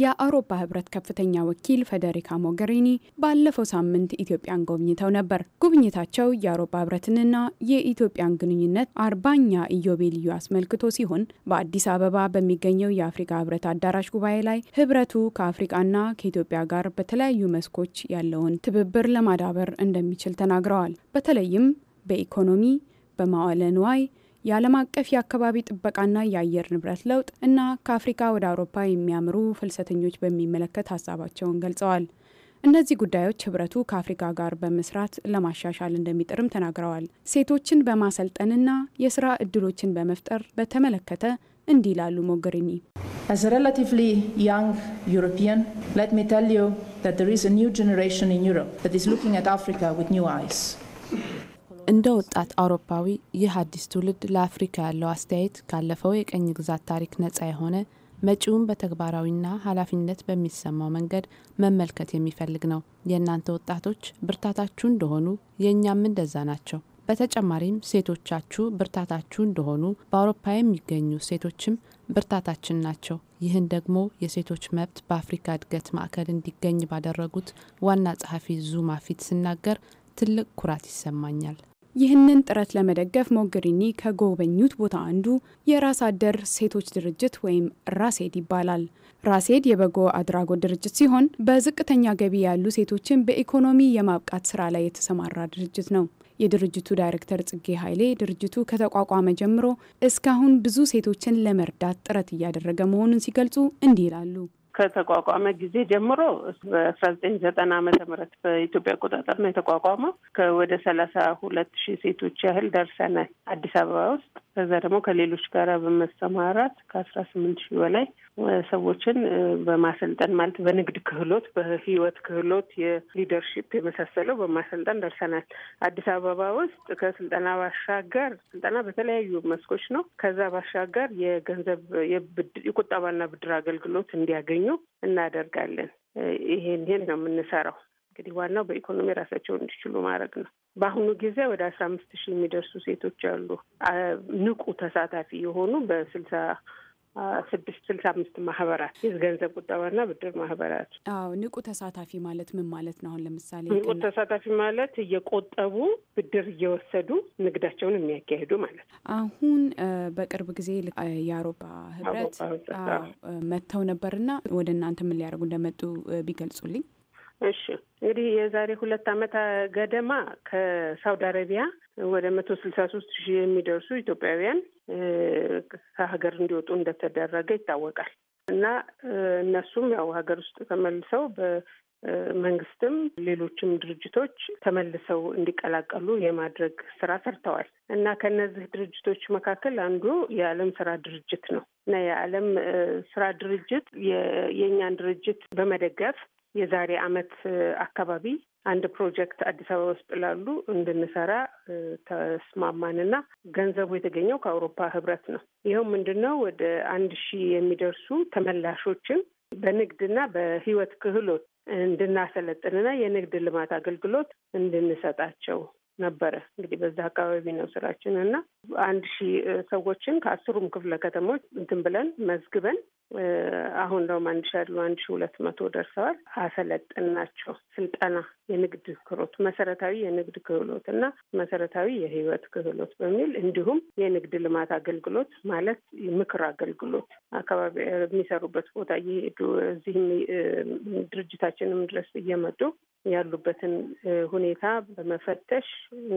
የአውሮፓ ህብረት ከፍተኛ ወኪል ፌዴሪካ ሞገሪኒ ባለፈው ሳምንት ኢትዮጵያን ጎብኝተው ነበር። ጉብኝታቸው የአውሮፓ ህብረትንና የኢትዮጵያን ግንኙነት አርባኛ ኢዮቤልዩ አስመልክቶ ሲሆን በአዲስ አበባ በሚገኘው የአፍሪካ ህብረት አዳራሽ ጉባኤ ላይ ህብረቱ ከአፍሪቃና ከኢትዮጵያ ጋር በተለያዩ መስኮች ያለውን ትብብር ለማዳበር እንደሚችል ተናግረዋል። በተለይም በኢኮኖሚ፣ በማዋለ ንዋይ የዓለም አቀፍ የአካባቢ ጥበቃና የአየር ንብረት ለውጥ እና ከአፍሪካ ወደ አውሮፓ የሚያምሩ ፍልሰተኞች በሚመለከት ሀሳባቸውን ገልጸዋል። እነዚህ ጉዳዮች ህብረቱ ከአፍሪካ ጋር በመስራት ለማሻሻል እንደሚጥርም ተናግረዋል። ሴቶችን በማሰልጠንና የስራ እድሎችን በመፍጠር በተመለከተ እንዲህ ይላሉ ሞገሪኒ። As a relatively young European, let me tell you that there is a new generation in እንደ ወጣት አውሮፓዊ ይህ አዲስ ትውልድ ለአፍሪካ ያለው አስተያየት ካለፈው የቀኝ ግዛት ታሪክ ነጻ የሆነ መጪውን በተግባራዊና ኃላፊነት በሚሰማው መንገድ መመልከት የሚፈልግ ነው። የእናንተ ወጣቶች ብርታታችሁ እንደሆኑ የእኛም እንደዛ ናቸው። በተጨማሪም ሴቶቻችሁ ብርታታችሁ እንደሆኑ በአውሮፓ የሚገኙ ሴቶችም ብርታታችን ናቸው። ይህን ደግሞ የሴቶች መብት በአፍሪካ እድገት ማዕከል እንዲገኝ ባደረጉት ዋና ጸሐፊ ዙማ ፊት ስናገር ትልቅ ኩራት ይሰማኛል። ይህንን ጥረት ለመደገፍ ሞገሪኒ ከጎበኙት ቦታ አንዱ የራስ አደር ሴቶች ድርጅት ወይም ራሴድ ይባላል። ራሴድ የበጎ አድራጎት ድርጅት ሲሆን በዝቅተኛ ገቢ ያሉ ሴቶችን በኢኮኖሚ የማብቃት ስራ ላይ የተሰማራ ድርጅት ነው። የድርጅቱ ዳይሬክተር ጽጌ ኃይሌ ድርጅቱ ከተቋቋመ ጀምሮ እስካሁን ብዙ ሴቶችን ለመርዳት ጥረት እያደረገ መሆኑን ሲገልጹ እንዲህ ይላሉ። ከተቋቋመ ጊዜ ጀምሮ በአስራ ዘጠኝ ዘጠና ዓመተ ምህረት በኢትዮጵያ አቆጣጠር ነው የተቋቋመው። ከወደ ሰላሳ ሁለት ሺህ ሴቶች ያህል ደርሰናል አዲስ አበባ ውስጥ። ከዛ ደግሞ ከሌሎች ጋራ በመሰማራት ከአስራ ስምንት ሺህ በላይ ሰዎችን በማሰልጠን ማለት በንግድ ክህሎት፣ በህይወት ክህሎት፣ የሊደርሺፕ የመሳሰለው በማሰልጠን ደርሰናል። አዲስ አበባ ውስጥ ከስልጠና ባሻገር ስልጠና በተለያዩ መስኮች ነው። ከዛ ባሻገር የገንዘብ የቁጠባና ብድር አገልግሎት እንዲያገኙ እናደርጋለን። ይሄን ይሄን ነው የምንሰራው። እንግዲህ ዋናው በኢኮኖሚ ራሳቸውን እንዲችሉ ማድረግ ነው። በአሁኑ ጊዜ ወደ አስራ አምስት ሺህ የሚደርሱ ሴቶች አሉ ንቁ ተሳታፊ የሆኑ በስልሳ ስድስት ስልሳ አምስት ማህበራት ይህ ገንዘብ ቁጠባና ብድር ማህበራት። አዎ ንቁ ተሳታፊ ማለት ምን ማለት ነው? አሁን ለምሳሌ ንቁ ተሳታፊ ማለት እየቆጠቡ ብድር እየወሰዱ ንግዳቸውን የሚያካሂዱ ማለት ነው። አሁን በቅርብ ጊዜ የአውሮፓ ህብረት መጥተው ነበርና ወደ እናንተ ምን ሊያደርጉ እንደመጡ ቢገልጹልኝ። እሺ እንግዲህ የዛሬ ሁለት ዓመት ገደማ ከሳውዲ አረቢያ ወደ መቶ ስልሳ ሶስት ሺህ የሚደርሱ ኢትዮጵያውያን ከሀገር እንዲወጡ እንደተደረገ ይታወቃል እና እነሱም ያው ሀገር ውስጥ ተመልሰው በመንግስትም ሌሎችም ድርጅቶች ተመልሰው እንዲቀላቀሉ የማድረግ ስራ ሰርተዋል እና ከነዚህ ድርጅቶች መካከል አንዱ የዓለም ስራ ድርጅት ነው እና የዓለም ስራ ድርጅት የእኛን ድርጅት በመደገፍ የዛሬ አመት አካባቢ አንድ ፕሮጀክት አዲስ አበባ ውስጥ ላሉ እንድንሰራ ተስማማንና ገንዘቡ የተገኘው ከአውሮፓ ህብረት ነው። ይኸው ምንድን ነው ወደ አንድ ሺህ የሚደርሱ ተመላሾችን በንግድና በህይወት ክህሎት እንድናሰለጥንና የንግድ ልማት አገልግሎት እንድንሰጣቸው ነበረ። እንግዲህ በዛ አካባቢ ነው ስራችን እና አንድ ሺህ ሰዎችን ከአስሩም ክፍለ ከተሞች እንትን ብለን መዝግበን አሁን ደውም አንድ ሺ ያሉ አንድ ሺ ሁለት መቶ ደርሰዋል። አሰለጥን ናቸው ስልጠና የንግድ ክህሎት መሰረታዊ የንግድ ክህሎት እና መሰረታዊ የህይወት ክህሎት በሚል እንዲሁም የንግድ ልማት አገልግሎት ማለት ምክር አገልግሎት አካባቢ የሚሰሩበት ቦታ እየሄዱ እዚህም ድርጅታችንም ድረስ እየመጡ ያሉበትን ሁኔታ በመፈተሽ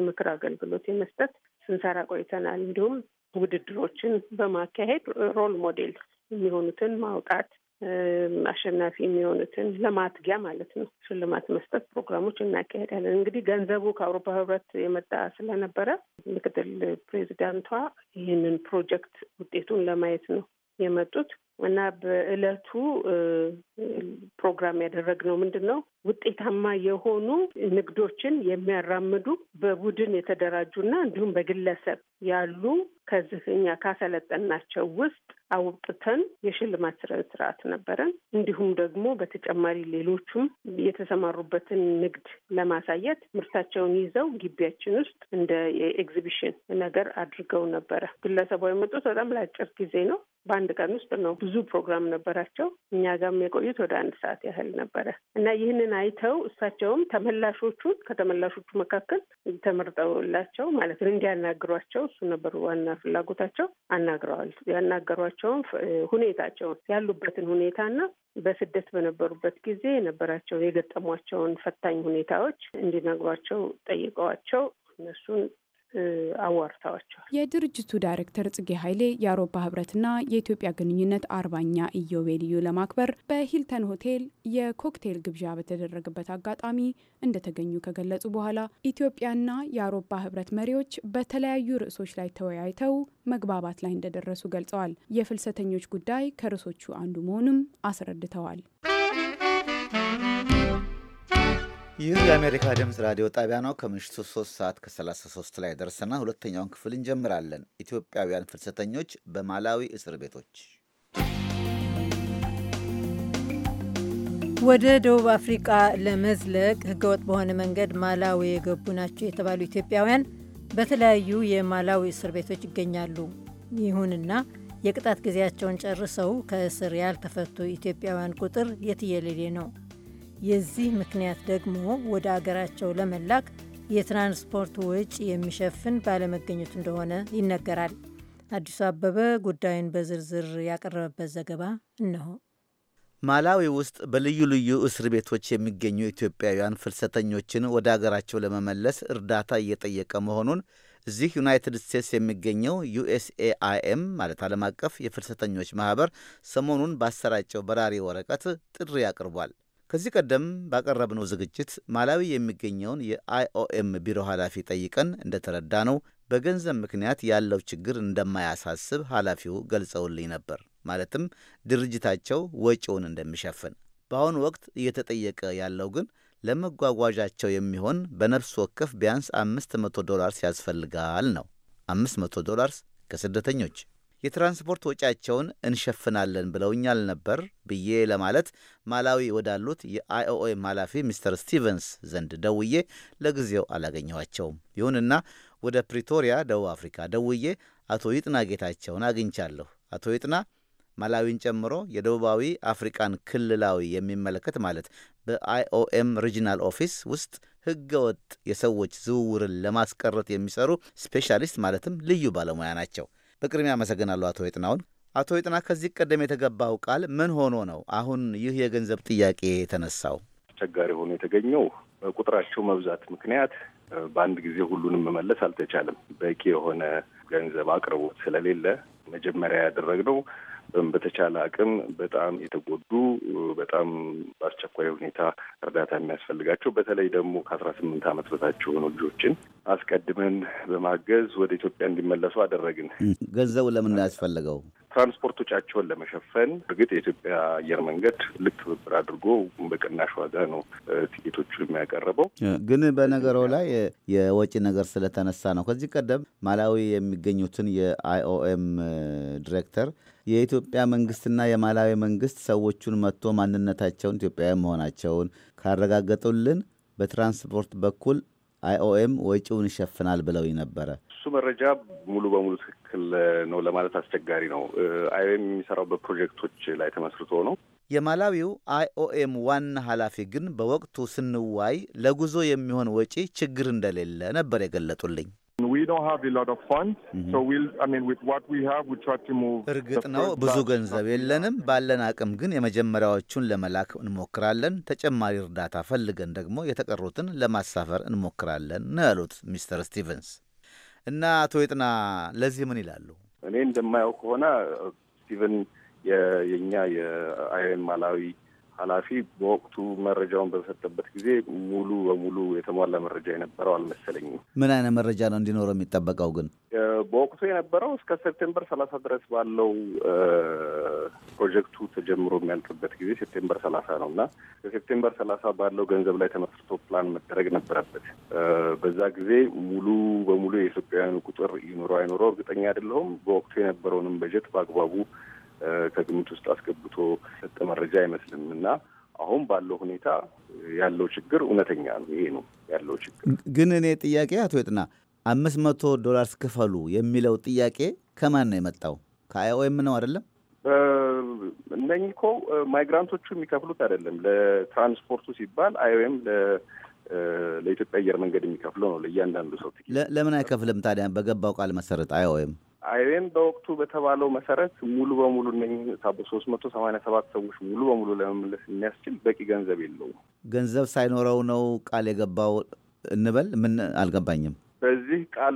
ምክር አገልግሎት የመስጠት ስንሰራ ቆይተናል። እንዲሁም ውድድሮችን በማካሄድ ሮል ሞዴል የሚሆኑትን ማውጣት አሸናፊ የሚሆኑትን ለማትጊያ ማለት ነው ሽልማት መስጠት ፕሮግራሞች እናካሄዳለን። እንግዲህ ገንዘቡ ከአውሮፓ ህብረት የመጣ ስለነበረ ምክትል ፕሬዚዳንቷ ይህንን ፕሮጀክት ውጤቱን ለማየት ነው የመጡት እና በእለቱ ፕሮግራም ያደረግነው ምንድን ነው ውጤታማ የሆኑ ንግዶችን የሚያራምዱ በቡድን የተደራጁ እና እንዲሁም በግለሰብ ያሉ ከዚህ እኛ ካሰለጠናቸው ውስጥ አውጥተን የሽልማት ስነ ስርዓት ነበረን። እንዲሁም ደግሞ በተጨማሪ ሌሎቹም የተሰማሩበትን ንግድ ለማሳየት ምርታቸውን ይዘው ግቢያችን ውስጥ እንደ ኤግዚቢሽን ነገር አድርገው ነበረ። ግለሰቧ የመጡት በጣም ለአጭር ጊዜ ነው። በአንድ ቀን ውስጥ ነው። ብዙ ፕሮግራም ነበራቸው። እኛ ጋም የቆዩት ወደ አንድ ሰዓት ያህል ነበረ እና ይህንን አይተው እሳቸውም ተመላሾቹን ከተመላሾቹ መካከል ተመርጠውላቸው ማለት ነው እንዲያናግሯቸው እሱ ነበር ዋና ፍላጎታቸው። አናግረዋል። ያናገሯቸውን ሁኔታቸውን ያሉበትን ሁኔታና በስደት በነበሩበት ጊዜ የነበራቸው የገጠሟቸውን ፈታኝ ሁኔታዎች እንዲነግሯቸው ጠይቀዋቸው እነሱን አዋርተዋቸዋል። የድርጅቱ ዳይሬክተር ጽጌ ኃይሌ የአውሮፓ ህብረትና የኢትዮጵያ ግንኙነት አርባኛ ኢዮቤልዩ ለማክበር በሂልተን ሆቴል የኮክቴል ግብዣ በተደረገበት አጋጣሚ እንደተገኙ ከገለጹ በኋላ ኢትዮጵያና የአውሮፓ ህብረት መሪዎች በተለያዩ ርዕሶች ላይ ተወያይተው መግባባት ላይ እንደደረሱ ገልጸዋል። የፍልሰተኞች ጉዳይ ከርዕሶቹ አንዱ መሆኑም አስረድተዋል። ይህ የአሜሪካ ድምፅ ራዲዮ ጣቢያ ነው። ከምሽቱ 3 ሰዓት ከ33 ላይ ደርሰና ሁለተኛውን ክፍል እንጀምራለን። ኢትዮጵያውያን ፍልሰተኞች በማላዊ እስር ቤቶች። ወደ ደቡብ አፍሪቃ ለመዝለቅ ህገወጥ በሆነ መንገድ ማላዊ የገቡ ናቸው የተባሉ ኢትዮጵያውያን በተለያዩ የማላዊ እስር ቤቶች ይገኛሉ። ይሁንና የቅጣት ጊዜያቸውን ጨርሰው ከእስር ያልተፈቱ ኢትዮጵያውያን ቁጥር የትየሌሌ ነው። የዚህ ምክንያት ደግሞ ወደ አገራቸው ለመላክ የትራንስፖርት ወጪ የሚሸፍን ባለመገኘቱ እንደሆነ ይነገራል። አዲሱ አበበ ጉዳዩን በዝርዝር ያቀረበበት ዘገባ እነሆ። ማላዊ ውስጥ በልዩ ልዩ እስር ቤቶች የሚገኙ ኢትዮጵያውያን ፍልሰተኞችን ወደ አገራቸው ለመመለስ እርዳታ እየጠየቀ መሆኑን እዚህ ዩናይትድ ስቴትስ የሚገኘው ዩኤስኤአይኤም ማለት ዓለም አቀፍ የፍልሰተኞች ማህበር ሰሞኑን ባሰራጨው በራሪ ወረቀት ጥሪ አቅርቧል። ከዚህ ቀደም ባቀረብነው ዝግጅት ማላዊ የሚገኘውን የአይኦኤም ቢሮ ኃላፊ ጠይቀን እንደተረዳ ነው በገንዘብ ምክንያት ያለው ችግር እንደማያሳስብ ኃላፊው ገልጸውልኝ ነበር። ማለትም ድርጅታቸው ወጪውን እንደሚሸፍን። በአሁኑ ወቅት እየተጠየቀ ያለው ግን ለመጓጓዣቸው የሚሆን በነፍስ ወከፍ ቢያንስ አምስት መቶ ዶላርስ ያስፈልጋል ነው። መቶ ዶላርስ ከስደተኞች የትራንስፖርት ወጪያቸውን እንሸፍናለን ብለውኛል ነበር ብዬ ለማለት ማላዊ ወዳሉት የአይኦኤም ኃላፊ ሚስተር ስቲቨንስ ዘንድ ደውዬ ለጊዜው አላገኘኋቸውም። ይሁንና ወደ ፕሪቶሪያ ደቡብ አፍሪካ ደውዬ አቶ ይጥና ጌታቸውን አግኝቻለሁ። አቶ ይጥና ማላዊን ጨምሮ የደቡባዊ አፍሪቃን ክልላዊ የሚመለከት ማለት በአይኦኤም ሪጂናል ኦፊስ ውስጥ ህገወጥ የሰዎች ዝውውርን ለማስቀረት የሚሰሩ ስፔሻሊስት ማለትም ልዩ ባለሙያ ናቸው። በቅድሚያ አመሰግናለሁ አቶ ይጥናውን። አቶ ይጥና ከዚህ ቀደም የተገባው ቃል ምን ሆኖ ነው አሁን ይህ የገንዘብ ጥያቄ የተነሳው? አስቸጋሪ ሆኖ የተገኘው በቁጥራቸው መብዛት ምክንያት በአንድ ጊዜ ሁሉንም መመለስ አልተቻለም። በቂ የሆነ ገንዘብ አቅርቦት ስለሌለ መጀመሪያ ያደረግነው በተቻለ አቅም በጣም የተጎዱ በጣም በአስቸኳይ ሁኔታ እርዳታ የሚያስፈልጋቸው በተለይ ደግሞ ከአስራ ስምንት ዓመት በታች የሆኑ ልጆችን አስቀድመን በማገዝ ወደ ኢትዮጵያ እንዲመለሱ አደረግን። ገንዘቡ ለምን ያስፈልገው? ትራንስፖርቶቻቸውን ለመሸፈን እርግጥ የኢትዮጵያ አየር መንገድ ልክ ትብብር አድርጎ በቅናሽ ዋጋ ነው ቲኬቶቹ የሚያቀርበው። ግን በነገሮ ላይ የወጪ ነገር ስለተነሳ ነው። ከዚህ ቀደም ማላዊ የሚገኙትን የአይኦኤም ዲሬክተር የኢትዮጵያ መንግስትና የማላዊ መንግስት ሰዎቹን መጥቶ ማንነታቸውን ኢትዮጵያውያን መሆናቸውን ካረጋገጡልን በትራንስፖርት በኩል አይኦኤም ወጪውን ይሸፍናል ብለው ነበረ። መረጃ ሙሉ በሙሉ ትክክል ነው ለማለት አስቸጋሪ ነው። አይኦኤም የሚሰራው በፕሮጀክቶች ላይ ተመስርቶ ነው። የማላዊው አይኦኤም ዋና ኃላፊ ግን በወቅቱ ስንዋይ ለጉዞ የሚሆን ወጪ ችግር እንደሌለ ነበር የገለጡልኝ። እርግጥ ነው ብዙ ገንዘብ የለንም። ባለን አቅም ግን የመጀመሪያዎቹን ለመላክ እንሞክራለን። ተጨማሪ እርዳታ ፈልገን ደግሞ የተቀሩትን ለማሳፈር እንሞክራለን ነው ያሉት ሚስተር ስቲቨንስ። እና አቶ ይጥና ለዚህ ምን ይላሉ? እኔ እንደማየው ከሆነ ስቲቨን የእኛ የአይን ማላዊ ኃላፊ በወቅቱ መረጃውን በሰጠበት ጊዜ ሙሉ በሙሉ የተሟላ መረጃ የነበረው አልመሰለኝም። ምን አይነት መረጃ ነው እንዲኖረው የሚጠበቀው? ግን በወቅቱ የነበረው እስከ ሴፕቴምበር ሰላሳ ድረስ ባለው ፕሮጀክቱ ተጀምሮ የሚያልቅበት ጊዜ ሴፕቴምበር ሰላሳ ነው እና ከሴፕቴምበር ሰላሳ ባለው ገንዘብ ላይ ተመስርቶ ፕላን መደረግ ነበረበት። በዛ ጊዜ ሙሉ በሙሉ የኢትዮጵያውያኑ ቁጥር ይኖረው አይኖረው እርግጠኛ አይደለሁም። በወቅቱ የነበረውንም በጀት በአግባቡ ከግምት ውስጥ አስገብቶ ሰጠ መረጃ አይመስልም እና አሁን ባለው ሁኔታ ያለው ችግር እውነተኛ ነው። ይሄ ነው ያለው ችግር። ግን እኔ ጥያቄ አቶ የጥና አምስት መቶ ዶላር ስክፈሉ የሚለው ጥያቄ ከማን ነው የመጣው? ከአይኦኤም ነው አይደለም? እነኚህ እኮ ማይግራንቶቹ የሚከፍሉት አይደለም። ለትራንስፖርቱ ሲባል አይኦኤም ለኢትዮጵያ አየር መንገድ የሚከፍለው ነው። ለእያንዳንዱ ሰው ለምን አይከፍልም ታዲያ? በገባው ቃል መሰረት አይኦኤም አይቤም በወቅቱ በተባለው መሰረት ሙሉ በሙሉ እነኝህ በሶስት መቶ ሰማኒያ ሰባት ሰዎች ሙሉ በሙሉ ለመመለስ የሚያስችል በቂ ገንዘብ የለውም። ገንዘብ ሳይኖረው ነው ቃል የገባው እንበል። ምን አልገባኝም። በዚህ ቃል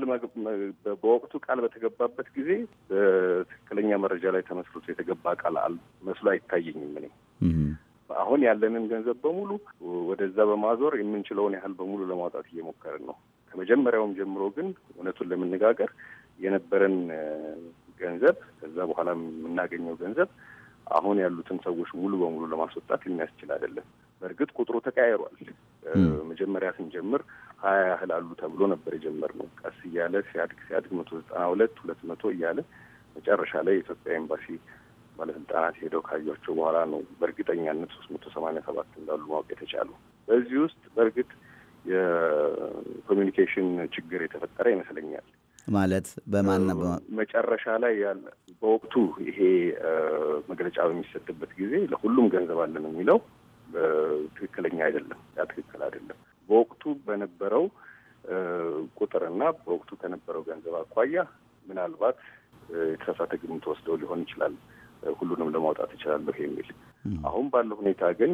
በወቅቱ ቃል በተገባበት ጊዜ በትክክለኛ መረጃ ላይ ተመስርቶ የተገባ ቃል መስሎ አይታየኝም እኔ አሁን ያለንን ገንዘብ በሙሉ ወደዛ በማዞር የምንችለውን ያህል በሙሉ ለማውጣት እየሞከርን ነው። ከመጀመሪያውም ጀምሮ ግን እውነቱን ለመነጋገር የነበረን ገንዘብ ከዛ በኋላ የምናገኘው ገንዘብ አሁን ያሉትን ሰዎች ሙሉ በሙሉ ለማስወጣት የሚያስችል አይደለም። በእርግጥ ቁጥሩ ተቀያይሯል። መጀመሪያ ስንጀምር ሀያ ያህል አሉ ተብሎ ነበር የጀመርነው። ቀስ እያለ ሲያድግ ሲያድግ መቶ ዘጠና ሁለት ሁለት መቶ እያለ መጨረሻ ላይ የኢትዮጵያ ኤምባሲ ባለስልጣናት ሄደው ካዩቸው በኋላ ነው በእርግጠኛነት ሶስት መቶ ሰማኒያ ሰባት እንዳሉ ማወቅ የተቻሉ። በዚህ ውስጥ በእርግጥ የኮሚኒኬሽን ችግር የተፈጠረ ይመስለኛል። ማለት በማን መጨረሻ ላይ ያለ በወቅቱ ይሄ መግለጫ በሚሰጥበት ጊዜ ለሁሉም ገንዘብ አለን የሚለው ትክክለኛ አይደለም። ያ ትክክል አይደለም። በወቅቱ በነበረው ቁጥርና በወቅቱ ከነበረው ገንዘብ አኳያ ምናልባት የተሳሳተ ግምት ወስደው ሊሆን ይችላል። ሁሉንም ለማውጣት እችላለሁ የሚል አሁን ባለው ሁኔታ ግን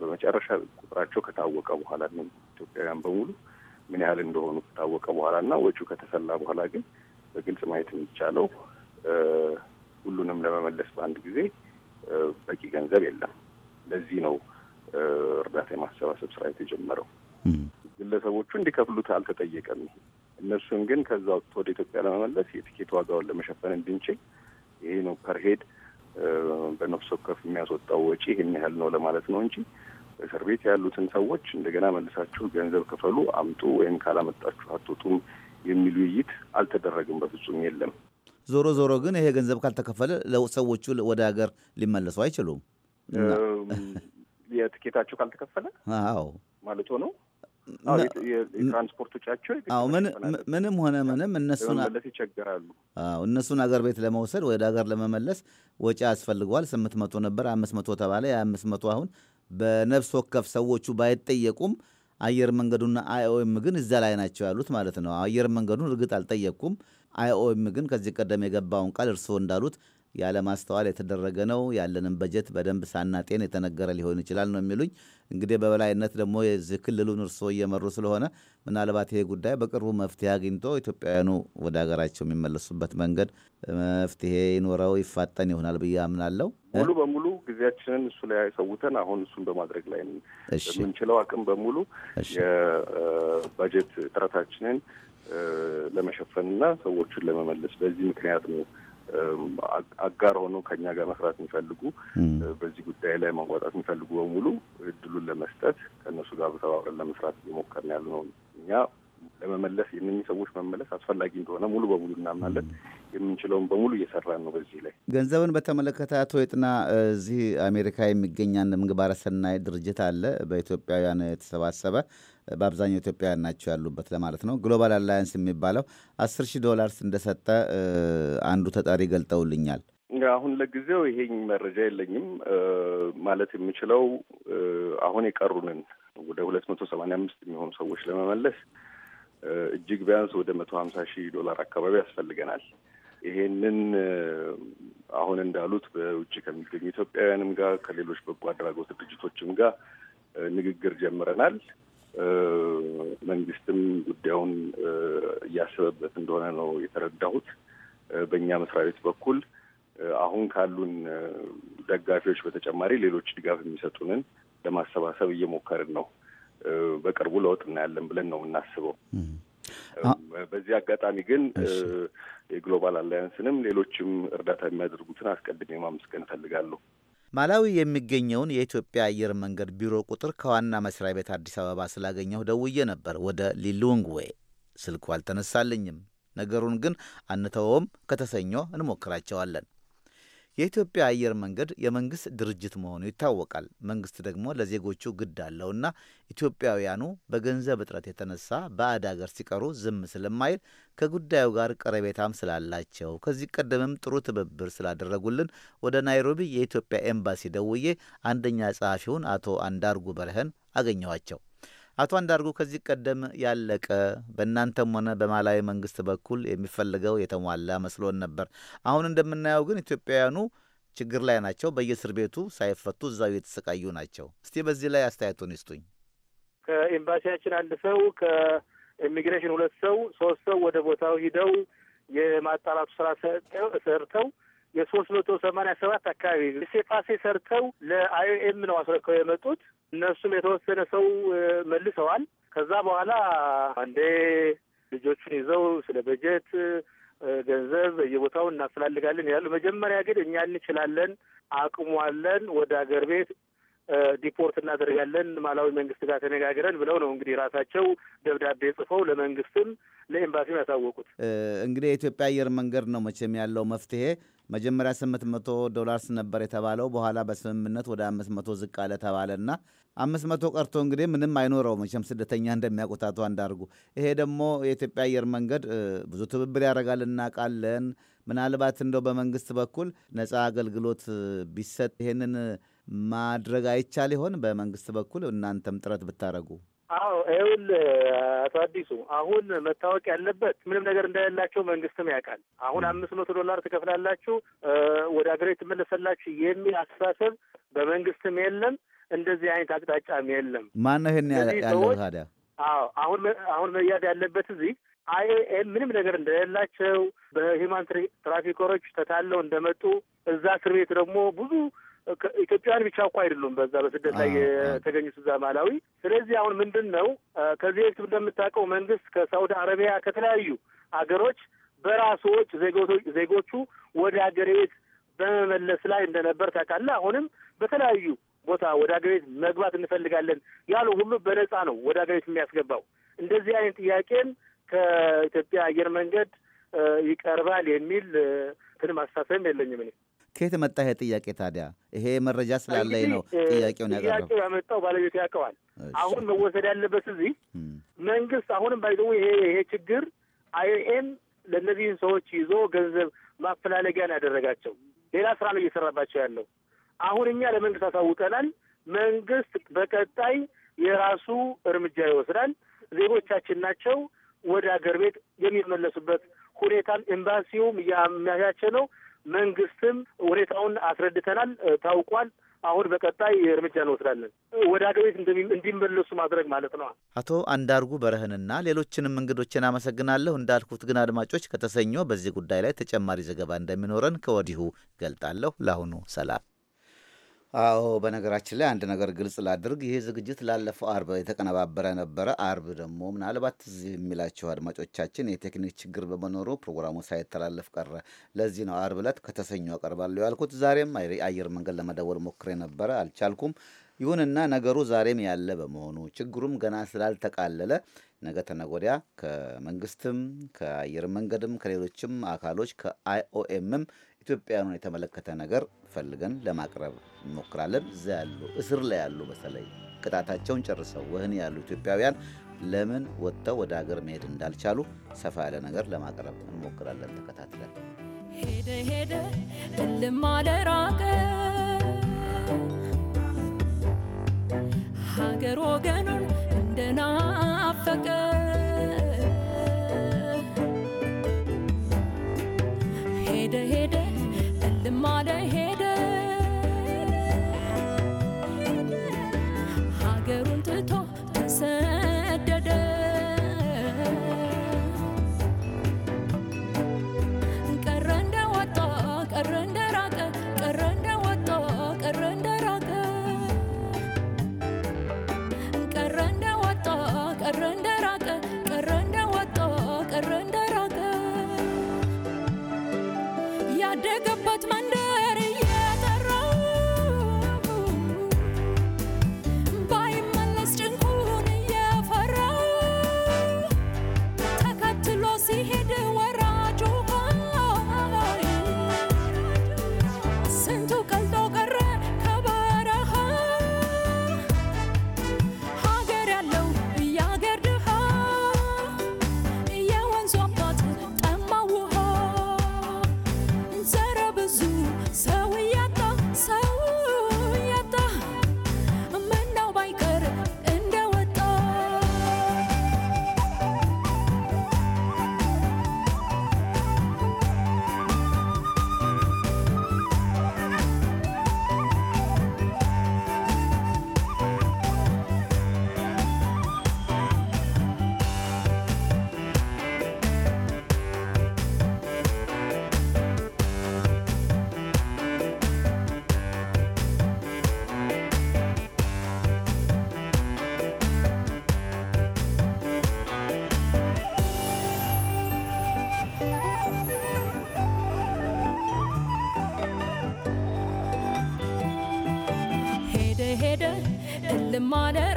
በመጨረሻ ቁጥራቸው ከታወቀ በኋላ ነው ኢትዮጵያውያን በሙሉ ምን ያህል እንደሆኑ ከታወቀ በኋላ እና ወጪው ከተሰላ በኋላ ግን በግልጽ ማየት የሚቻለው ሁሉንም ለመመለስ በአንድ ጊዜ በቂ ገንዘብ የለም። ለዚህ ነው እርዳታ የማሰባሰብ ስራ የተጀመረው። ግለሰቦቹ እንዲከፍሉት አልተጠየቀም። እነሱን ግን ከዛ ወጥቶ ወደ ኢትዮጵያ ለመመለስ የትኬት ዋጋውን ለመሸፈን እንድንችል ይሄ ነው ፐርሄድ በነፍስ ወከፍ የሚያስወጣው ወጪ ይህን ያህል ነው ለማለት ነው እንጂ እስር ቤት ያሉትን ሰዎች እንደገና መልሳችሁ ገንዘብ ክፈሉ አምጡ፣ ወይም ካላመጣችሁ አትወጡም የሚል ውይይት አልተደረግም። በፍጹም የለም። ዞሮ ዞሮ ግን ይሄ ገንዘብ ካልተከፈለ ሰዎቹ ወደ ሀገር ሊመለሱ አይችሉም። የትኬታቸው ካልተከፈለ አዎ ማለት ነው። የትራንስፖርት ምንም ሆነ ምንም እነሱን ይቸገራሉ። እነሱን አገር ቤት ለመውሰድ ወደ ሀገር ለመመለስ ወጪ ያስፈልገዋል። ስምንት መቶ ነበር አምስት መቶ ተባለ። የአምስት መቶ አሁን በነፍስ ወከፍ ሰዎቹ ባይጠየቁም አየር መንገዱና አይኦኤም ግን እዛ ላይ ናቸው ያሉት ማለት ነው። አየር መንገዱን እርግጥ አልጠየቅኩም። አይኦኤም ግን ከዚህ ቀደም የገባውን ቃል እርስዎ እንዳሉት ያለማስተዋል የተደረገ ነው፣ ያለንን በጀት በደንብ ሳናጤን የተነገረ ሊሆን ይችላል ነው የሚሉኝ። እንግዲህ በበላይነት ደግሞ የዚህ ክልሉን እርስዎ እየመሩ ስለሆነ ምናልባት ይሄ ጉዳይ በቅርቡ መፍትሄ አግኝቶ ኢትዮጵያውያኑ ወደ ሀገራቸው የሚመለሱበት መንገድ መፍትሄ ይኖረው ይፋጠን ይሆናል ብዬ አምናለሁ። ሙሉ በሙሉ ጊዜያችንን እሱ ላይ ሰውተን አሁን እሱን በማድረግ ላይ የምንችለው አቅም በሙሉ የበጀት ጥረታችንን ለመሸፈንና ሰዎቹን ለመመለስ በዚህ ምክንያት ነው አጋር ሆኖ ከኛ ጋር መስራት የሚፈልጉ በዚህ ጉዳይ ላይ ማንቋጣት የሚፈልጉ በሙሉ እድሉን ለመስጠት ከእነሱ ጋር በተባብረን ለመስራት እየሞከርን ያሉ ነው። እኛ ለመመለስ የእነኝህ ሰዎች መመለስ አስፈላጊ እንደሆነ ሙሉ በሙሉ እናምናለን። የምንችለውን በሙሉ እየሰራን ነው። በዚህ ላይ ገንዘብን በተመለከተ አቶ የጥና እዚህ አሜሪካ የሚገኝ አንድ ምግባረ ሰናይ ድርጅት አለ በኢትዮጵያውያን የተሰባሰበ በአብዛኛው ኢትዮጵያውያን ናቸው ያሉበት ለማለት ነው። ግሎባል አላያንስ የሚባለው አስር ሺህ ዶላርስ እንደሰጠ አንዱ ተጠሪ ገልጠውልኛል። አሁን ለጊዜው ይሄኝ መረጃ የለኝም። ማለት የምችለው አሁን የቀሩንን ወደ ሁለት መቶ ሰማንያ አምስት የሚሆኑ ሰዎች ለመመለስ እጅግ ቢያንስ ወደ መቶ ሀምሳ ሺህ ዶላር አካባቢ ያስፈልገናል። ይሄንን አሁን እንዳሉት በውጭ ከሚገኙ ኢትዮጵያውያንም ጋር ከሌሎች በጎ አድራጎት ድርጅቶችም ጋር ንግግር ጀምረናል። መንግስትም ጉዳዩን እያሰበበት እንደሆነ ነው የተረዳሁት። በእኛ መስሪያ ቤት በኩል አሁን ካሉን ደጋፊዎች በተጨማሪ ሌሎች ድጋፍ የሚሰጡንን ለማሰባሰብ እየሞከርን ነው። በቅርቡ ለውጥ እናያለን ብለን ነው የምናስበው። በዚህ አጋጣሚ ግን የግሎባል አላያንስንም ሌሎችም እርዳታ የሚያደርጉትን አስቀድሜ ማመስገን እፈልጋለሁ። ማላዊ የሚገኘውን የኢትዮጵያ አየር መንገድ ቢሮ ቁጥር ከዋና መስሪያ ቤት አዲስ አበባ ስላገኘሁ ደውዬ ነበር ወደ ሊሉንግዌ። ስልኩ አልተነሳልኝም። ነገሩን ግን አንተወውም፣ ከተሰኞ እንሞክራቸዋለን። የኢትዮጵያ አየር መንገድ የመንግስት ድርጅት መሆኑ ይታወቃል። መንግስት ደግሞ ለዜጎቹ ግድ አለውና ኢትዮጵያውያኑ በገንዘብ እጥረት የተነሳ ባዕድ አገር ሲቀሩ ዝም ስለማይል ከጉዳዩ ጋር ቀረቤታም ስላላቸው ከዚህ ቀደምም ጥሩ ትብብር ስላደረጉልን ወደ ናይሮቢ የኢትዮጵያ ኤምባሲ ደውዬ አንደኛ ጸሐፊውን አቶ አንዳርጉ በረህን አገኘኋቸው። አቶ አንዳርጉ ከዚህ ቀደም ያለቀ በእናንተም ሆነ በማላዊ መንግስት በኩል የሚፈልገው የተሟላ መስሎን ነበር። አሁን እንደምናየው ግን ኢትዮጵያውያኑ ችግር ላይ ናቸው። በየእስር ቤቱ ሳይፈቱ እዛው የተሰቃዩ ናቸው። እስቲ በዚህ ላይ አስተያየቱን ይስጡኝ። ከኤምባሲያችን አንድ ሰው፣ ከኢሚግሬሽን ሁለት ሰው፣ ሶስት ሰው ወደ ቦታው ሂደው የማጣራቱ ስራ ሰርተው የሶስት መቶ ሰማኒያ ሰባት አካባቢ ሴፋሴ ሰርተው ለአይኦኤም ነው አስረከው የመጡት። እነሱም የተወሰነ ሰው መልሰዋል። ከዛ በኋላ አንዴ ልጆቹን ይዘው ስለ በጀት ገንዘብ በየቦታው እናፈላልጋለን ያሉ። መጀመሪያ ግን እኛ እንችላለን፣ አቅሙ አለን፣ ወደ ሀገር ቤት ዲፖርት እናደርጋለን ማላዊ መንግስት ጋር ተነጋግረን ብለው ነው እንግዲህ ራሳቸው ደብዳቤ ጽፈው ለመንግስትም ለኤምባሲም ያሳወቁት። እንግዲህ የኢትዮጵያ አየር መንገድ ነው መቼም ያለው መፍትሄ መጀመሪያ 800 ዶላርስ ነበር የተባለው። በኋላ በስምምነት ወደ 500 ዝቅ አለ ተባለና 500 ቀርቶ እንግዲህ ምንም አይኖረው መቼም ስደተኛ እንደሚያቆታቱ አንዳርጉ። ይሄ ደግሞ የኢትዮጵያ አየር መንገድ ብዙ ትብብር ያደርጋል እናውቃለን። ምናልባት እንደው በመንግስት በኩል ነፃ አገልግሎት ቢሰጥ ይሄንን ማድረግ አይቻል ይሆን? በመንግስት በኩል እናንተም ጥረት ብታደረጉ አዎ ይኸውልህ አቶ አዲሱ አሁን መታወቅ ያለበት ምንም ነገር እንደሌላቸው መንግስትም ያውቃል። አሁን አምስት መቶ ዶላር ትከፍላላችሁ ወደ ሀገሬ ትመለሰላችሁ የሚል አስተሳሰብ በመንግስትም የለም፣ እንደዚህ አይነት አቅጣጫም የለም። ማን ነው ይህን ያለው ታዲያ? አዎ አሁን አሁን መያዝ ያለበት እዚህ አይኤም ምንም ነገር እንደሌላቸው በሂማን ትራፊከሮች ተታለው እንደመጡ እዛ እስር ቤት ደግሞ ብዙ ኢትዮጵያውያን ብቻ እኮ አይደሉም በዛ በስደት ላይ የተገኙት እዛ ማላዊ። ስለዚህ አሁን ምንድን ነው ከዚህ በፊት እንደምታውቀው መንግስት ከሳውዲ አረቢያ ከተለያዩ አገሮች በራሶች ዜጎቹ ወደ ሀገር ቤት በመመለስ ላይ እንደነበር ታውቃለህ። አሁንም በተለያዩ ቦታ ወደ ሀገር ቤት መግባት እንፈልጋለን ያሉ ሁሉ በነፃ ነው ወደ ሀገር ቤት የሚያስገባው። እንደዚህ አይነት ጥያቄም ከኢትዮጵያ አየር መንገድ ይቀርባል የሚል ትንም አስተሳሰብም የለኝም እኔ። ከየት መጣ ይሄ ጥያቄ ታዲያ? ይሄ መረጃ ስላለኝ ነው ጥያቄውን ያቀረበው። ጥያቄው ያመጣው ባለቤቱ ያውቀዋል። አሁን መወሰድ ያለበት እዚህ መንግስት አሁንም ባይዘው ይሄ ይሄ ችግር አይኤም ለእነዚህን ሰዎች ይዞ ገንዘብ ነው ያደረጋቸው ሌላ ስራ ነው እየሰራባቸው ያለው። አሁን እኛ ለመንግስት አሳውቀናል። መንግስት በቀጣይ የራሱ እርምጃ ይወስዳል። ዜጎቻችን ናቸው ወደ ሀገር ቤት የሚመለሱበት ሁኔታን ኤምባሲውም እያመቻቸ ነው። መንግስትም ሁኔታውን አስረድተናል፣ ታውቋል። አሁን በቀጣይ እርምጃ እንወስዳለን። ወደ ሀገር ቤት እንዲመለሱ ማድረግ ማለት ነው። አቶ አንዳርጉ በረህንና ሌሎችንም እንግዶችን አመሰግናለሁ። እንዳልኩት ግን አድማጮች፣ ከተሰኞ በዚህ ጉዳይ ላይ ተጨማሪ ዘገባ እንደሚኖረን ከወዲሁ ገልጣለሁ። ለአሁኑ ሰላም። አዎ በነገራችን ላይ አንድ ነገር ግልጽ ላድርግ። ይህ ዝግጅት ላለፈው አርብ የተቀነባበረ ነበረ። አርብ ደግሞ ምናልባት እዚህ የሚላቸው አድማጮቻችን የቴክኒክ ችግር በመኖሩ ፕሮግራሙ ሳይተላለፍ ቀረ። ለዚህ ነው አርብ ዕለት ከተሰኞ አቀርባለሁ ያልኩት። ዛሬም አየር መንገድ ለመደወል ሞክሬ ነበረ፣ አልቻልኩም። ይሁንና ነገሩ ዛሬም ያለ በመሆኑ ችግሩም ገና ስላልተቃለለ ነገ ተነጎዲያ ከመንግስትም ከአየር መንገድም ከሌሎችም አካሎች ከአይኦኤምም ኢትዮጵያውያኑን የተመለከተ ነገር ፈልገን ለማቅረብ እንሞክራለን። እዛ ያሉ እስር ላይ ያሉ በተለይ ቅጣታቸውን ጨርሰው ወህኒ ያሉ ኢትዮጵያውያን ለምን ወጥተው ወደ ሀገር መሄድ እንዳልቻሉ ሰፋ ያለ ነገር ለማቅረብ እንሞክራለን። ተከታትለን ሄደ ሄደ እልም አለ ራቀ ሀገር ወገኑን እንደናፈቀ ሄደ ሄደ የትም ሄደ ሀገሩን ትቶ ተሰደደ። ቀረ እንደወጣ ቀረ እንደራቀ ቀረ እንደወጣ ቀረ እንደራቀ ቀረ እንደወጣ ቀረ tomorrow.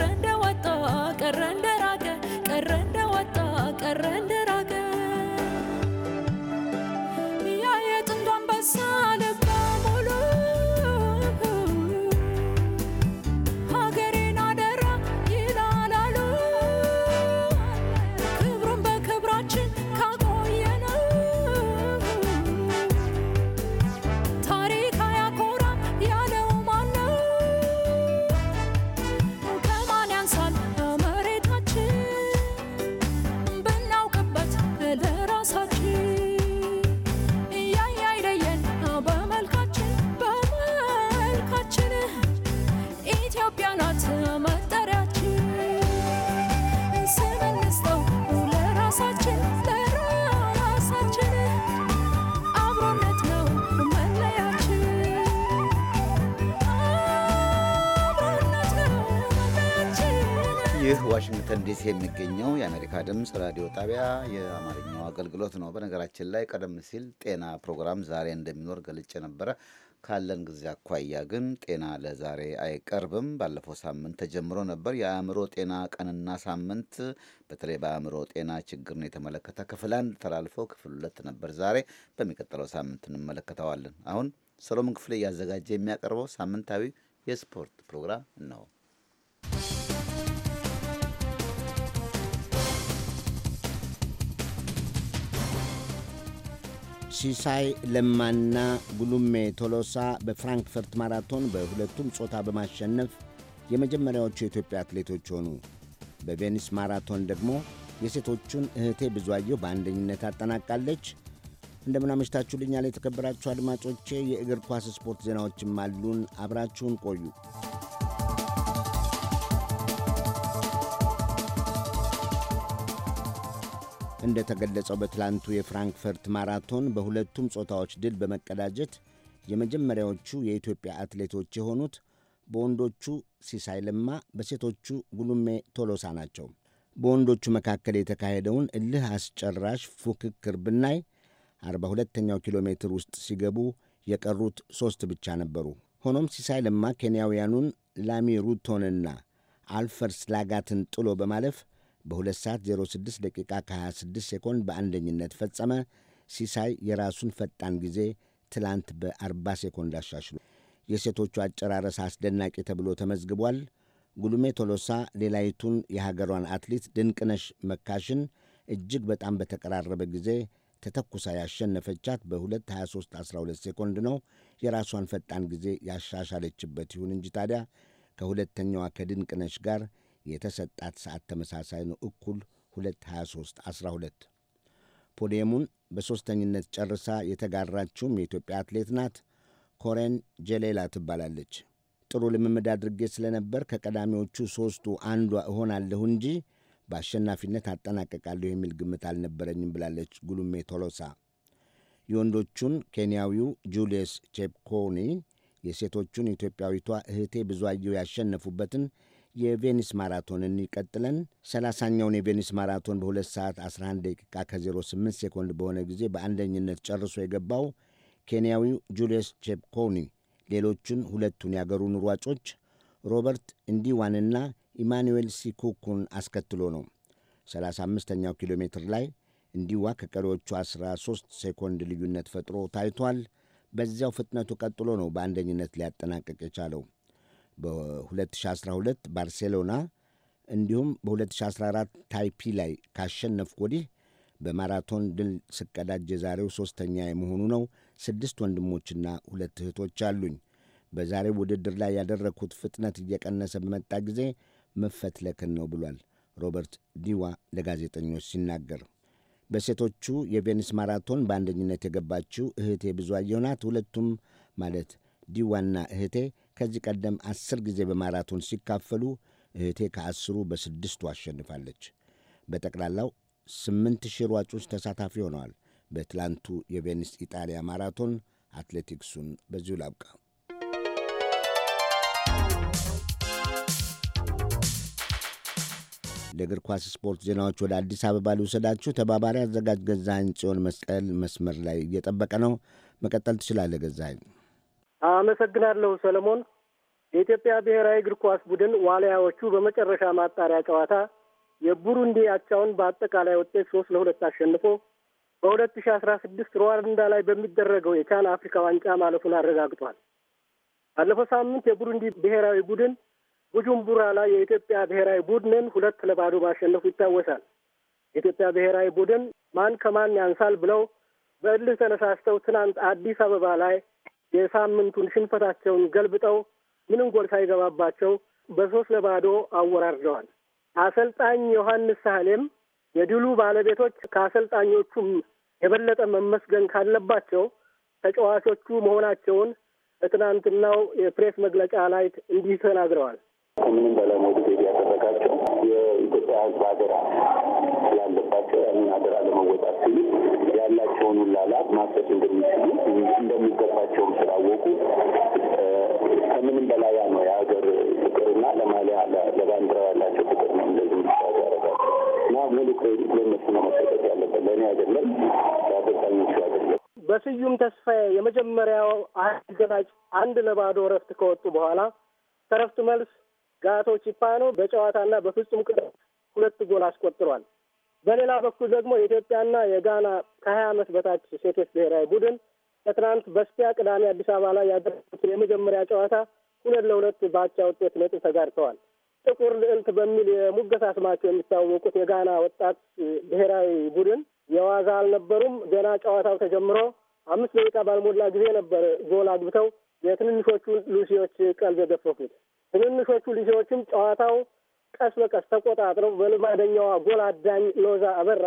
ቀረ እንደወጣ ቀረ እንደ ዲሲ የሚገኘው የአሜሪካ ድምፅ ራዲዮ ጣቢያ የአማርኛው አገልግሎት ነው። በነገራችን ላይ ቀደም ሲል ጤና ፕሮግራም ዛሬ እንደሚኖር ገልጬ ነበረ። ካለን ጊዜ አኳያ ግን ጤና ለዛሬ አይቀርብም። ባለፈው ሳምንት ተጀምሮ ነበር። የአእምሮ ጤና ቀንና ሳምንት በተለይ በአእምሮ ጤና ችግርን የተመለከተ ክፍል አንድ ተላልፎ ክፍል ሁለት ነበር። ዛሬ በሚቀጥለው ሳምንት እንመለከተዋለን። አሁን ሰሎሞን ክፍሌ እያዘጋጀ የሚያቀርበው ሳምንታዊ የስፖርት ፕሮግራም ነው። ሲሳይ ለማና ጉሉሜ ቶሎሳ በፍራንክፈርት ማራቶን በሁለቱም ጾታ በማሸነፍ የመጀመሪያዎቹ የኢትዮጵያ አትሌቶች ሆኑ። በቬኒስ ማራቶን ደግሞ የሴቶቹን እህቴ ብዙአየሁ በአንደኝነት አጠናቃለች። እንደምን አመሽታችሁልኛል የተከበራችሁ አድማጮቼ። የእግር ኳስ ስፖርት ዜናዎችም አሉን። አብራችሁን ቆዩ። እንደተገለጸው በትላንቱ የፍራንክፈርት ማራቶን በሁለቱም ጾታዎች ድል በመቀዳጀት የመጀመሪያዎቹ የኢትዮጵያ አትሌቶች የሆኑት በወንዶቹ ሲሳይ ለማ፣ በሴቶቹ ጉሉሜ ቶሎሳ ናቸው። በወንዶቹ መካከል የተካሄደውን እልህ አስጨራሽ ፉክክር ብናይ 42ኛው ኪሎ ሜትር ውስጥ ሲገቡ የቀሩት ሦስት ብቻ ነበሩ። ሆኖም ሲሳይ ለማ ኬንያውያኑን ላሚ ሩቶንና አልፈርስ ላጋትን ጥሎ በማለፍ በ2 ሰዓት 06 ደቂቃ ከ26 ሴኮንድ በአንደኝነት ፈጸመ። ሲሳይ የራሱን ፈጣን ጊዜ ትላንት በ40 ሴኮንድ አሻሽሎ የሴቶቹ አጨራረስ አስደናቂ ተብሎ ተመዝግቧል። ጉሉሜ ቶሎሳ ሌላዪቱን የሀገሯን አትሌት ድንቅነሽ መካሽን እጅግ በጣም በተቀራረበ ጊዜ ተተኩሳ ያሸነፈቻት በ2:23:12 ሴኮንድ ነው። የራሷን ፈጣን ጊዜ ያሻሻለችበት። ይሁን እንጂ ታዲያ ከሁለተኛዋ ከድንቅነሽ ጋር የተሰጣት ሰዓት ተመሳሳይ ነው፣ እኩል 223 12 ፖዲየሙን በሦስተኝነት ጨርሳ የተጋራችውም የኢትዮጵያ አትሌት ናት። ኮሬን ጀሌላ ትባላለች። ጥሩ ልምምድ አድርጌ ስለነበር ከቀዳሚዎቹ ሦስቱ አንዷ እሆናለሁ እንጂ በአሸናፊነት አጠናቀቃለሁ የሚል ግምት አልነበረኝም ብላለች ጉሉሜ ቶሎሳ። የወንዶቹን ኬንያዊው ጁልየስ ቼፕኮኒ፣ የሴቶቹን ኢትዮጵያዊቷ እህቴ ብዙአየው ያሸነፉበትን የቬኒስ ማራቶንን ይቀጥለን። 30 የቬኒስ ማራቶን በሁለት ሰዓት 11 ደቂቃ ከ08 ሴኮንድ በሆነ ጊዜ በአንደኝነት ጨርሶ የገባው ኬንያዊው ጁልየስ ቼፕኮኒ ሌሎቹን ሁለቱን ያገሩን ሯጮች ሮበርት እንዲዋንና ኢማኑዌል ሲኩኩን አስከትሎ ነው። 35ኛው ኪሎ ሜትር ላይ እንዲዋ ከቀሪዎቹ 13 ሴኮንድ ልዩነት ፈጥሮ ታይቷል። በዚያው ፍጥነቱ ቀጥሎ ነው በአንደኝነት ሊያጠናቀቅ የቻለው። በ2012 ባርሴሎና እንዲሁም በ2014 ታይፒ ላይ ካሸነፍኩ ወዲህ በማራቶን ድል ስቀዳጅ የዛሬው ሦስተኛ የመሆኑ ነው። ስድስት ወንድሞችና ሁለት እህቶች አሉኝ። በዛሬው ውድድር ላይ ያደረግኩት ፍጥነት እየቀነሰ በመጣ ጊዜ መፈትለክን ነው ብሏል ሮበርት ዲዋ ለጋዜጠኞች ሲናገር። በሴቶቹ የቬኒስ ማራቶን በአንደኝነት የገባችው እህቴ ብዙ ናት። ሁለቱም ማለት ዲዋና እህቴ ከዚህ ቀደም አስር ጊዜ በማራቶን ሲካፈሉ እህቴ ከአስሩ በስድስቱ አሸንፋለች። በጠቅላላው ስምንት ሺህ ሯጮች ተሳታፊ ሆነዋል። በትላንቱ የቬኒስ ኢጣሊያ ማራቶን አትሌቲክሱን በዚሁ ላብቃ። ለእግር ኳስ ስፖርት ዜናዎች ወደ አዲስ አበባ ሊወሰዳችሁ ተባባሪ አዘጋጅ ገዛኸኝ ጽዮን መስቀል መስመር ላይ እየጠበቀ ነው። መቀጠል ትችላለህ ገዛኸኝ። አመሰግናለሁ ሰለሞን። የኢትዮጵያ ብሔራዊ እግር ኳስ ቡድን ዋልያዎቹ በመጨረሻ ማጣሪያ ጨዋታ የቡሩንዲ አቻውን በአጠቃላይ ውጤት ሶስት ለሁለት አሸንፎ በሁለት ሺ አስራ ስድስት ሩዋንዳ ላይ በሚደረገው የቻን አፍሪካ ዋንጫ ማለፉን አረጋግጧል። ባለፈው ሳምንት የቡሩንዲ ብሔራዊ ቡድን ቡጁምቡራ ላይ የኢትዮጵያ ብሔራዊ ቡድንን ሁለት ለባዶ ማሸነፉ ይታወሳል። የኢትዮጵያ ብሔራዊ ቡድን ማን ከማን ያንሳል ብለው በእልህ ተነሳስተው ትናንት አዲስ አበባ ላይ የሳምንቱን ሽንፈታቸውን ገልብጠው ምንም ጎል ሳይገባባቸው በሶስት ለባዶ አወራርደዋል። አሰልጣኝ ዮሐንስ ሳህሌም የድሉ ባለቤቶች ከአሰልጣኞቹም የበለጠ መመስገን ካለባቸው ተጫዋቾቹ መሆናቸውን በትናንትናው የፕሬስ መግለጫ ላይ እንዲህ ተናግረዋል። ከምንም በላይ ሞቲቬት ያደረጋቸው የኢትዮጵያ ሕዝብ ሀገራ ከመወጣት ትልቅ ያላቸውን ሁላ ማሰብ እንደሚችሉ እንደሚገባቸውም ስላወቁ ከምንም በላያ ነው የሀገር ፍቅርና ለማሊያ ለባንዲራ ያላቸው ፍቅር ነው እንደዚህ ምሳት ያደረጋቸው እና ሙሉ ክሬዲት ለእነሱ ነው መሰጠት ያለበት፣ ለእኔ አይደለም፣ ለአሰልጣኞቹ አይደለም። በስዩም ተስፋዬ የመጀመሪያው አገናጭ አንድ ለባዶ እረፍት ከወጡ በኋላ ከእረፍት መልስ ጋቶ ቺፓኖ በጨዋታና በፍጹም ቅጣት ሁለት ጎል አስቆጥሯል። በሌላ በኩል ደግሞ የኢትዮጵያና የጋና ከሀያ ዓመት በታች ሴቶች ብሔራዊ ቡድን ከትናንት በስቲያ ቅዳሜ አዲስ አበባ ላይ ያደረጉት የመጀመሪያ ጨዋታ ሁለት ለሁለት በአቻ ውጤት ነጥብ ተጋድተዋል። ጥቁር ልዕልት በሚል የሙገሳ ስማቸው የሚታወቁት የጋና ወጣት ብሔራዊ ቡድን የዋዛ አልነበሩም። ገና ጨዋታው ተጀምሮ አምስት ደቂቃ ባልሞላ ጊዜ ነበር ጎል አግብተው የትንንሾቹ ሉሲዎች ቀልብ የገፈፉት። ትንንሾቹ ሉሲዎችም ጨዋታው ቀስ በቀስ ተቆጣጥረው በልማደኛዋ ጎል አዳኝ ሎዛ አበራ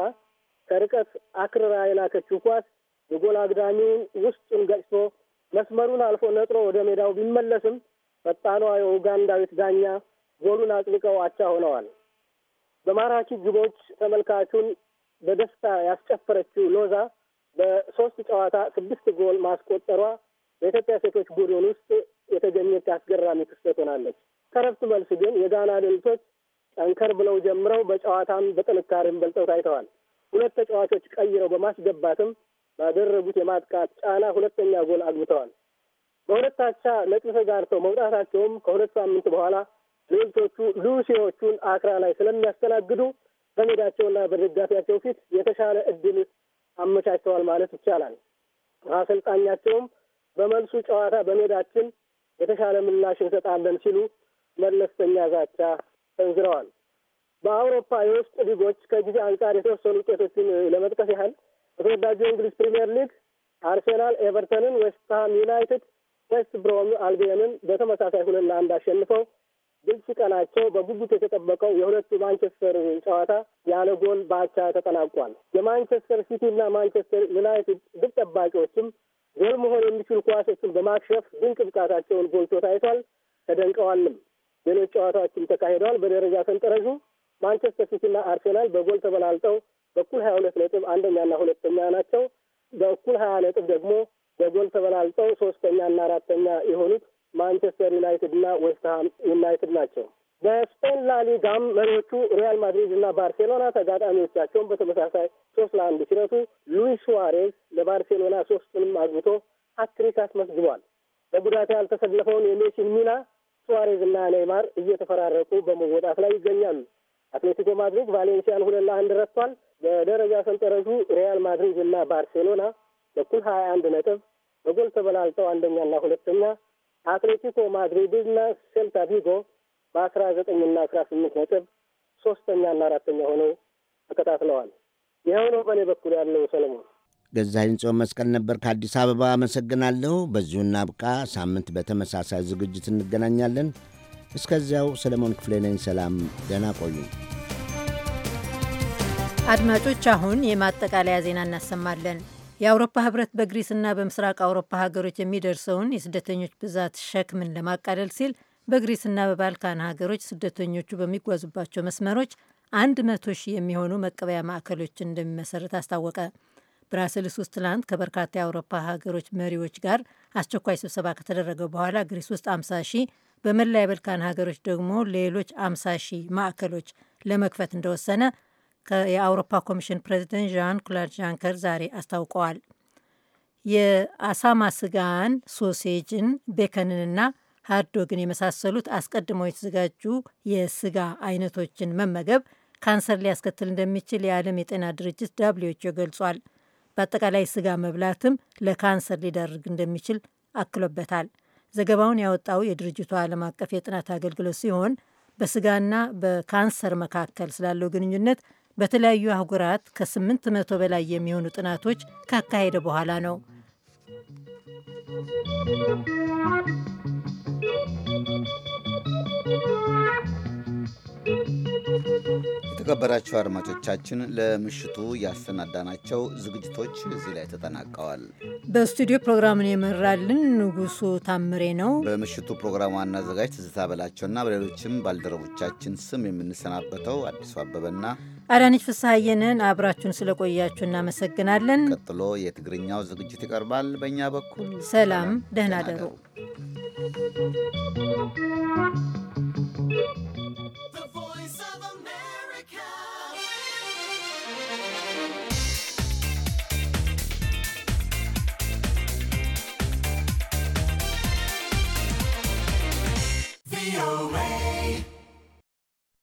ከርቀት አክርራ የላከችው ኳስ የጎል አግዳሚውን ውስጡን ገጭቶ መስመሩን አልፎ ነጥሮ ወደ ሜዳው ቢመለስም ፈጣኗ የኡጋንዳዊት ዳኛ ጎሉን አጽድቀው አቻ ሆነዋል። በማራኪ ግቦች ተመልካቹን በደስታ ያስጨፈረችው ሎዛ በሶስት ጨዋታ ስድስት ጎል ማስቆጠሯ በኢትዮጵያ ሴቶች ቡድን ውስጥ የተገኘች አስገራሚ ክስተት ሆናለች። ከረፍት መልስ ግን የጋና ድልቶች ጠንከር ብለው ጀምረው በጨዋታም በጥንካሬም በልጠው ታይተዋል። ሁለት ተጫዋቾች ቀይረው በማስገባትም ባደረጉት የማጥቃት ጫና ሁለተኛ ጎል አግብተዋል። በሁለት አቻ ነጥብ ተጋርተው መውጣታቸውም ከሁለት ሳምንት በኋላ ሌልቶቹ ሉሲዎቹን አክራ ላይ ስለሚያስተናግዱ በሜዳቸውና በደጋፊያቸው ፊት የተሻለ እድል አመቻችተዋል ማለት ይቻላል። አሰልጣኛቸውም በመልሱ ጨዋታ በሜዳችን የተሻለ ምላሽ እንሰጣለን ሲሉ መለስተኛ ዛቻ ሰንዝረዋል። በአውሮፓ የውስጥ ሊጎች ከጊዜ አንጻር የተወሰኑ ውጤቶችን ለመጥቀስ ያህል በተወዳጁ የእንግሊዝ ፕሪምየር ሊግ አርሴናል ኤቨርተንን፣ ዌስትሃም ዩናይትድ ዌስት ብሮም አልቤንን በተመሳሳይ ሁለት ለአንድ አሸንፈው ግልጽ ቀናቸው በጉጉት የተጠበቀው የሁለቱ ማንቸስተር ጨዋታ ያለ ጎል በአቻ ተጠናቋል። የማንቸስተር ሲቲ እና ማንቸስተር ዩናይትድ ግብ ጠባቂዎችም ጎል መሆን የሚችሉ ኳሶችን በማክሸፍ ድንቅ ብቃታቸውን ጎልቶ ታይቷል። ተደንቀዋልም። ሌሎች ጨዋታዎችም ተካሂደዋል። በደረጃ ሰንጠረዡ ማንቸስተር ሲቲና አርሴናል በጎል ተበላልጠው በኩል ሀያ ሁለት ነጥብ አንደኛና ሁለተኛ ናቸው። በእኩል ሀያ ነጥብ ደግሞ በጎል ተበላልጠው ሶስተኛና አራተኛ የሆኑት ማንቸስተር ዩናይትድና ዌስትሃም ዩናይትድ ናቸው። በስፔን ላሊጋም መሪዎቹ ሪያል ማድሪድ እና ባርሴሎና ተጋጣሚዎቻቸውን በተመሳሳይ ሶስት ለአንድ ሲረቱ ሉዊስ ሱዋሬዝ ለባርሴሎና ሶስቱንም አግብቶ ሀትሪክ አስመዝግቧል። በጉዳት ያልተሰለፈውን የሜሲን ሚና ሱዋሬዝ እና ኔይማር እየተፈራረቁ በመወጣት ላይ ይገኛሉ። አትሌቲኮ ማድሪድ ቫሌንሲያን ሁለት ለአንድ ረቷል። በደረጃ ሰንጠረዡ ሪያል ማድሪድ እና ባርሴሎና በኩል ሀያ አንድ ነጥብ በጎል ተበላልጠው አንደኛና ሁለተኛ፣ አትሌቲኮ ማድሪድ እና ሴልታ ቪጎ በአስራ ዘጠኝ ዘጠኝና አስራ ስምንት ነጥብ ሶስተኛና አራተኛ ሆነው ተከታትለዋል። ይኸው ነው በእኔ በኩል ያለው ሰለሞን። ገዛኸኝ ጽዮን መስቀል ነበር ከአዲስ አበባ አመሰግናለሁ። በዚሁ እናብቃ። ሳምንት በተመሳሳይ ዝግጅት እንገናኛለን። እስከዚያው ሰለሞን ክፍሌ ነኝ። ሰላም፣ ደህና ቆዩ። አድማጮች፣ አሁን የማጠቃለያ ዜና እናሰማለን። የአውሮፓ ህብረት በግሪስና በምስራቅ አውሮፓ ሀገሮች የሚደርሰውን የስደተኞች ብዛት ሸክምን ለማቃለል ሲል በግሪስና በባልካን ሀገሮች ስደተኞቹ በሚጓዙባቸው መስመሮች አንድ መቶ ሺህ የሚሆኑ መቀበያ ማዕከሎች እንደሚመሰርት አስታወቀ። ብራስልስ ውስጥ ትላንት ከበርካታ የአውሮፓ ሀገሮች መሪዎች ጋር አስቸኳይ ስብሰባ ከተደረገ በኋላ ግሪስ ውስጥ 50 ሺህ በመላ የበልካን ሀገሮች ደግሞ ሌሎች 50 ሺህ ማዕከሎች ለመክፈት እንደወሰነ የአውሮፓ ኮሚሽን ፕሬዚደንት ዣን ክላድ ጃንከር ዛሬ አስታውቀዋል። የአሳማ ስጋን፣ ሶሴጅን፣ ቤከንንና ሀርዶግን የመሳሰሉት አስቀድመው የተዘጋጁ የስጋ አይነቶችን መመገብ ካንሰር ሊያስከትል እንደሚችል የዓለም የጤና ድርጅት ዳብሊዎች ገልጿል። በአጠቃላይ ስጋ መብላትም ለካንሰር ሊዳርግ እንደሚችል አክሎበታል። ዘገባውን ያወጣው የድርጅቱ ዓለም አቀፍ የጥናት አገልግሎት ሲሆን በስጋና በካንሰር መካከል ስላለው ግንኙነት በተለያዩ አህጉራት ከ መቶ በላይ የሚሆኑ ጥናቶች ካካሄደ በኋላ ነው። Thank you. የተከበራችሁ አድማጮቻችን ለምሽቱ ያሰናዳናቸው ዝግጅቶች እዚህ ላይ ተጠናቀዋል። በስቱዲዮ ፕሮግራምን የመራልን ንጉሱ ታምሬ ነው። በምሽቱ ፕሮግራም ዋና አዘጋጅ ትዝታ በላቸውና በሌሎችም ባልደረቦቻችን ስም የምንሰናበተው አዲሱ አበበና አዳነች ፍስሐየንን አብራችሁን ስለቆያችሁ እናመሰግናለን። ቀጥሎ የትግርኛው ዝግጅት ይቀርባል። በእኛ በኩል ሰላም፣ ደህና ደሩ። Radio Man.